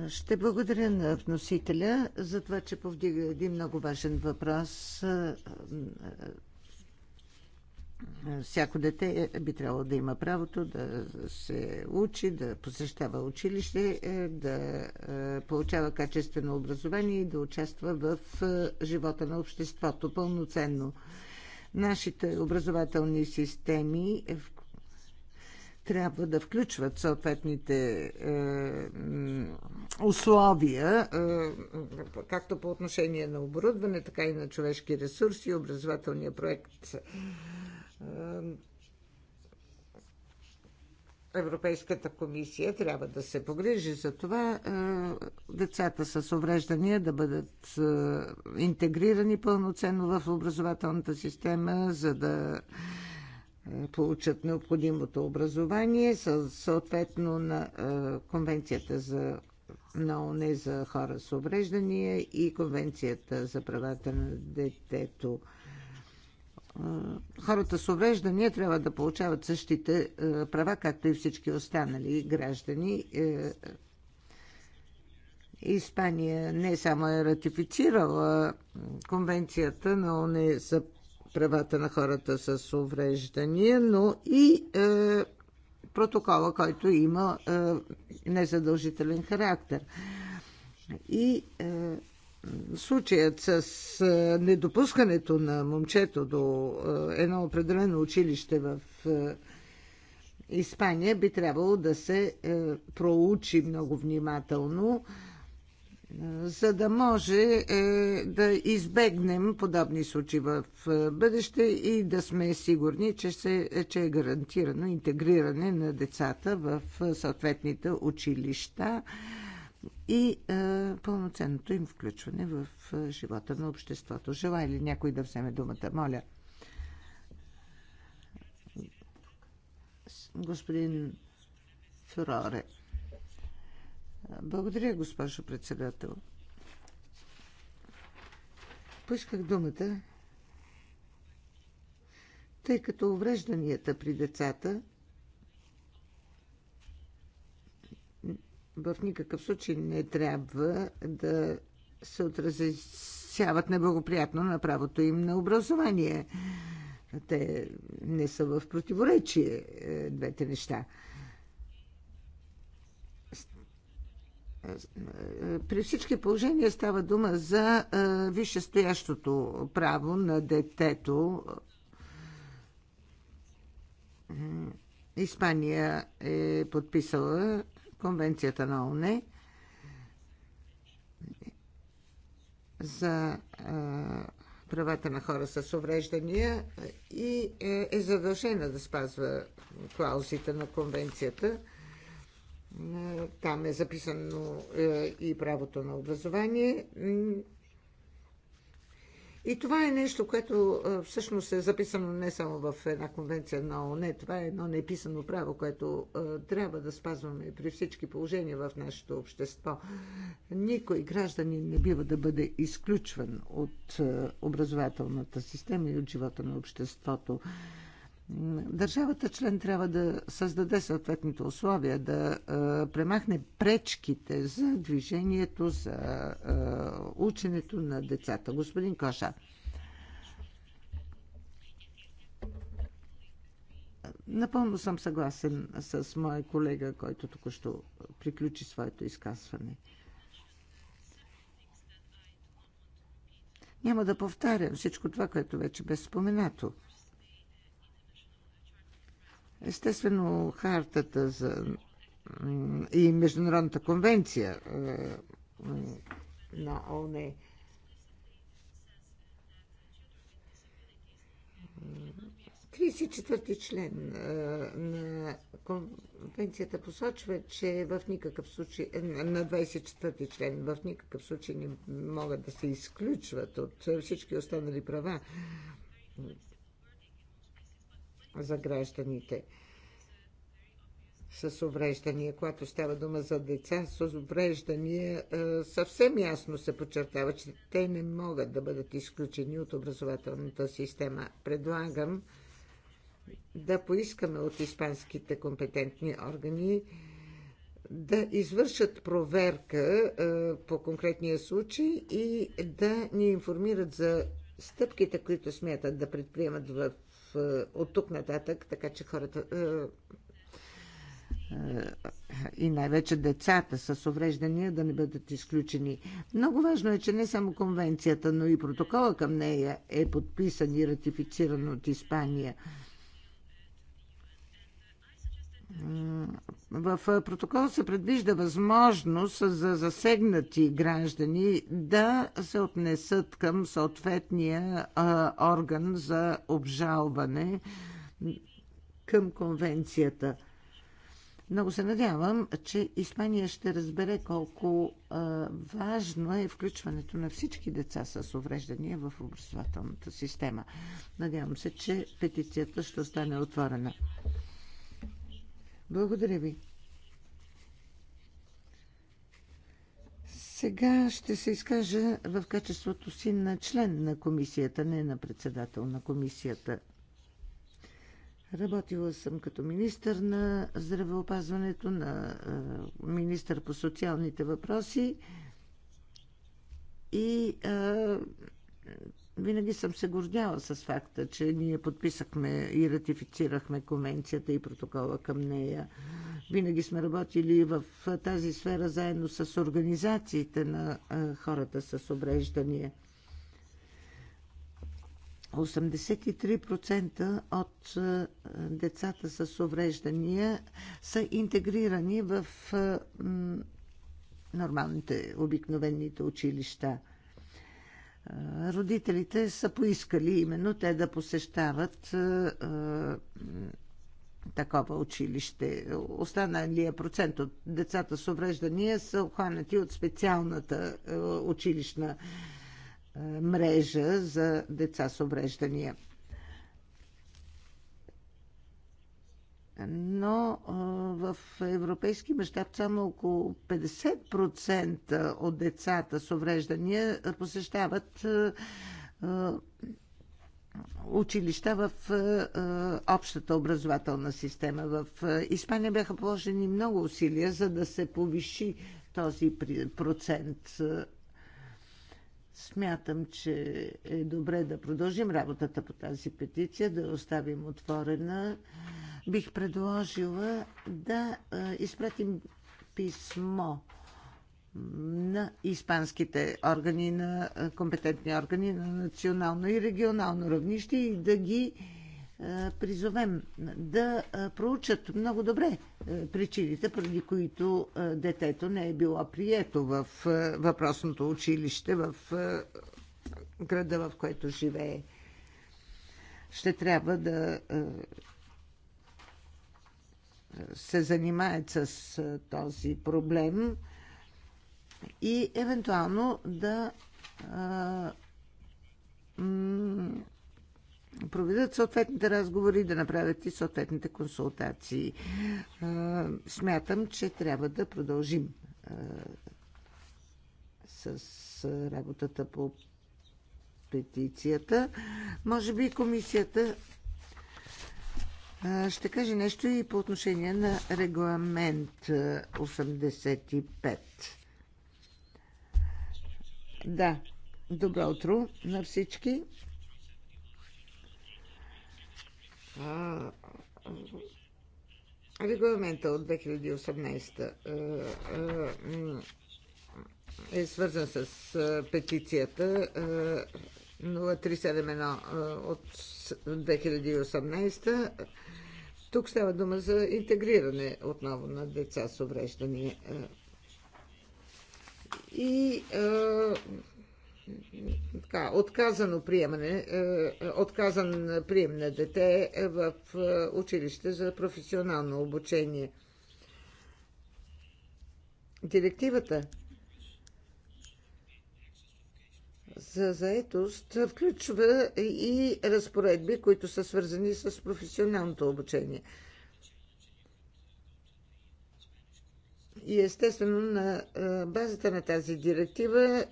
Ще благодаря на вносителя за това, че повдига един много важен въпрос. Всяко дете би трябвало да има правото да се учи, да посещава училище, е, да получава качествено образование и да участва в живота на обществото пълноценно. Нашите образователни системи в трябва да включват съответните е, условия, е, както по отношение на оборудване, така и на човешки ресурси, образователния проект. Е, Европейската комисия трябва да се погрижи за това е, децата с увреждания да бъдат е, интегрирани пълноценно в образователната система, за да получат необходимото образование, съответно на Конвенцията за на ОНЕ за хора с увреждания и Конвенцията за правата на детето. Хората с увреждания трябва да получават същите права, както и всички останали граждани. Е, Испания не само е ратифицирала Конвенцията на ОНЕ за правата на хората с увреждания, но и е, протокола, който има е, незадължителен характер. И е, случаят с е, недопускането на момчето до е, едно определено училище в е, Испания би трябвало да се е, проучи много внимателно. Е, за да може е, да избегнем подобни случаи в е, бъдеще и да сме сигурни, че, се, че е гарантирано интегриране на децата в е, съответните училища и е, пълноценното им включване в е, живота на обществото. Желая ли някой да вземе думата? Моля. Господин Фюроре. Благодаря, госпожо председател. Поисках думата, тъй като уврежданията при децата в никакъв случай не трябва да се отразяват неблагоприятно на правото им на образование. Те не са в противоречие е, двете неща. при всички положения става дума за висшестоящото право на детето. Испания е подписала конвенцията на ОНЕ за правата на хора с увреждания и е, е задължена да спазва клаузите на конвенцията – там е записано е, и правото на образование. И това е нещо, което е, всъщност е записано не само в една конвенция на ООН, това е едно неписано право, което е, трябва да спазваме при всички положения в нашето общество. Никой гражданин не бива да бъде изключван от образователната система и от живота на обществото. Държавата член трябва да създаде съответните условия, да е, премахне пречките за движението, за е, ученето на децата. Господин Коша. Напълно съм съгласен с моя колега, който току-що приключи своето изказване. Няма да повтарям всичко това, което вече бе споменато. Естествено, хартата за, и Международната конвенция е, на ОНЕ. mm 34-ти член е, на конвенцията посочва, че в никакъв случай, е, на 24-ти член, в никакъв случай не могат да се изключват от всички останали права за гражданите с увреждания. Когато става дума за деца с увреждания, е, съвсем ясно се подчертава, че те не могат да бъдат изключени от образователната система. Предлагам да поискаме от испанските компетентни органи да извършат проверка е, по конкретния случай и да ни информират за стъпките, които смятат да предприемат в е, от тук нататък, така че хората е, е, и най-вече децата с увреждания да не бъдат изключени. Много важно е, че не само конвенцията, но и протокола към нея е подписан и ратифициран от Испания. В протокол се предвижда възможност за засегнати граждани да се отнесат към съответния орган за обжалване към конвенцията. Много се надявам, че Испания ще разбере колко а, важно е включването на всички деца с увреждания в образователната система. Надявам се, че петицията ще остане отворена. Благодаря ви. Сега ще се изкажа в качеството си на член на комисията, не на председател на комисията. Работила съм като министър на здравеопазването, на министър по социалните въпроси и а, винаги съм се гордяла с факта, че ние подписахме и ратифицирахме конвенцията и протокола към нея. Винаги сме работили в тази сфера заедно с организациите на хората с обреждания. 83% от децата с увреждания са интегрирани в нормалните, обикновените училища – родителите са поискали именно те да посещават такова училище. Останалия процент от децата с увреждания са обхванати от специалната училищна мрежа за деца с увреждания. но в европейски мащаб само около 50% от децата с увреждания посещават училища в общата образователна система. В Испания бяха положени много усилия, за да се повиши този процент. Смятам, че е добре да продължим работата по тази петиция, да оставим отворена бих предложила да изпратим писмо на испанските органи, на компетентни органи на национално и регионално равнище и да ги призовем да проучат много добре причините, поради които детето не е било прието в въпросното училище в града, в който живее. Ще трябва да се занимаят с този проблем и евентуално да проведат съответните разговори, да направят и съответните консултации. Смятам, че трябва да продължим с работата по петицията. Може би комисията ще кажа нещо и по отношение на регламент 85. Да, добро утро на всички. Регламента от 2018 е свързан с петицията 0371 от 2018. Тук става дума за интегриране отново на деца с увреждания. И така, отказано приемане, отказан прием на дете в училище за професионално обучение. Директивата за заетост включва и разпоредби, които са свързани с професионалното обучение. И естествено, на базата на тази директива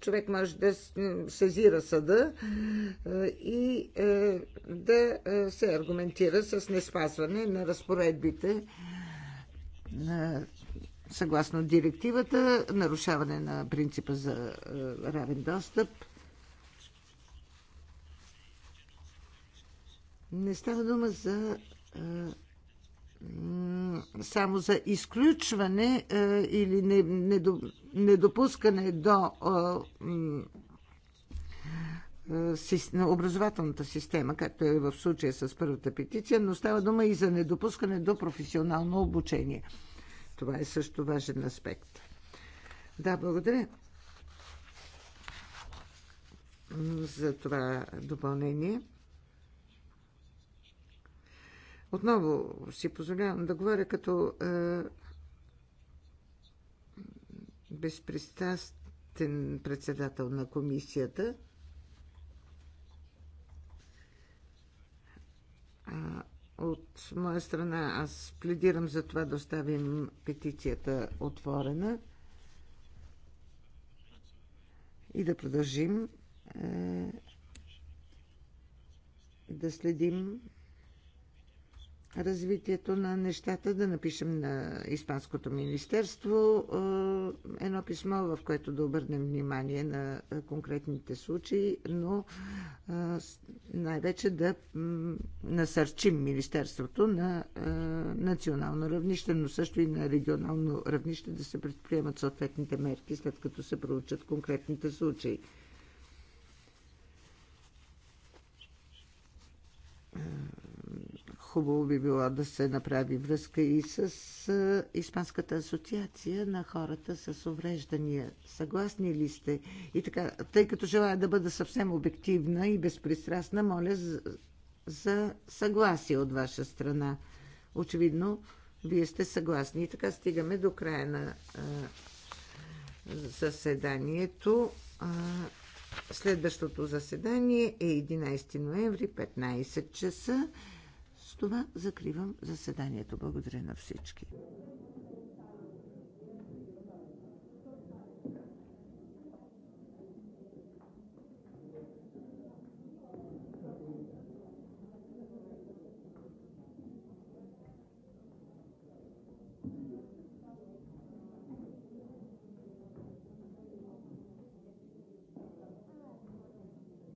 човек може да сезира съда и да се аргументира с неспазване на разпоредбите на съгласно директивата, нарушаване на принципа за е, равен достъп. Не става дума за е, само за изключване е, или недопускане до образователната система, както е в случая с първата петиция, но става дума и за недопускане до професионално обучение. Това е също важен аспект. Да, благодаря за това допълнение. Отново си позволявам да говоря като е, безпристрастен председател на комисията. А, от моя страна аз пледирам за това да оставим петицията отворена и да продължим е, да следим развитието на нещата, да напишем на Испанското министерство е, едно писмо, в което да обърнем внимание на е, конкретните случаи, но е, най-вече да насърчим Министерството на национално равнище, но също и на регионално равнище да се предприемат съответните мерки, след като се проучат конкретните случаи хубаво би било да се направи връзка и с Испанската асоциация на хората с увреждания. Съгласни ли сте? И така, тъй като желая да бъда съвсем обективна и безпристрастна, моля за, за съгласие от ваша страна. Очевидно, вие сте съгласни. И така стигаме до края на а, заседанието. А, Следващото заседание е 11 ноември, 15 часа това закривам заседанието. Благодаря на всички.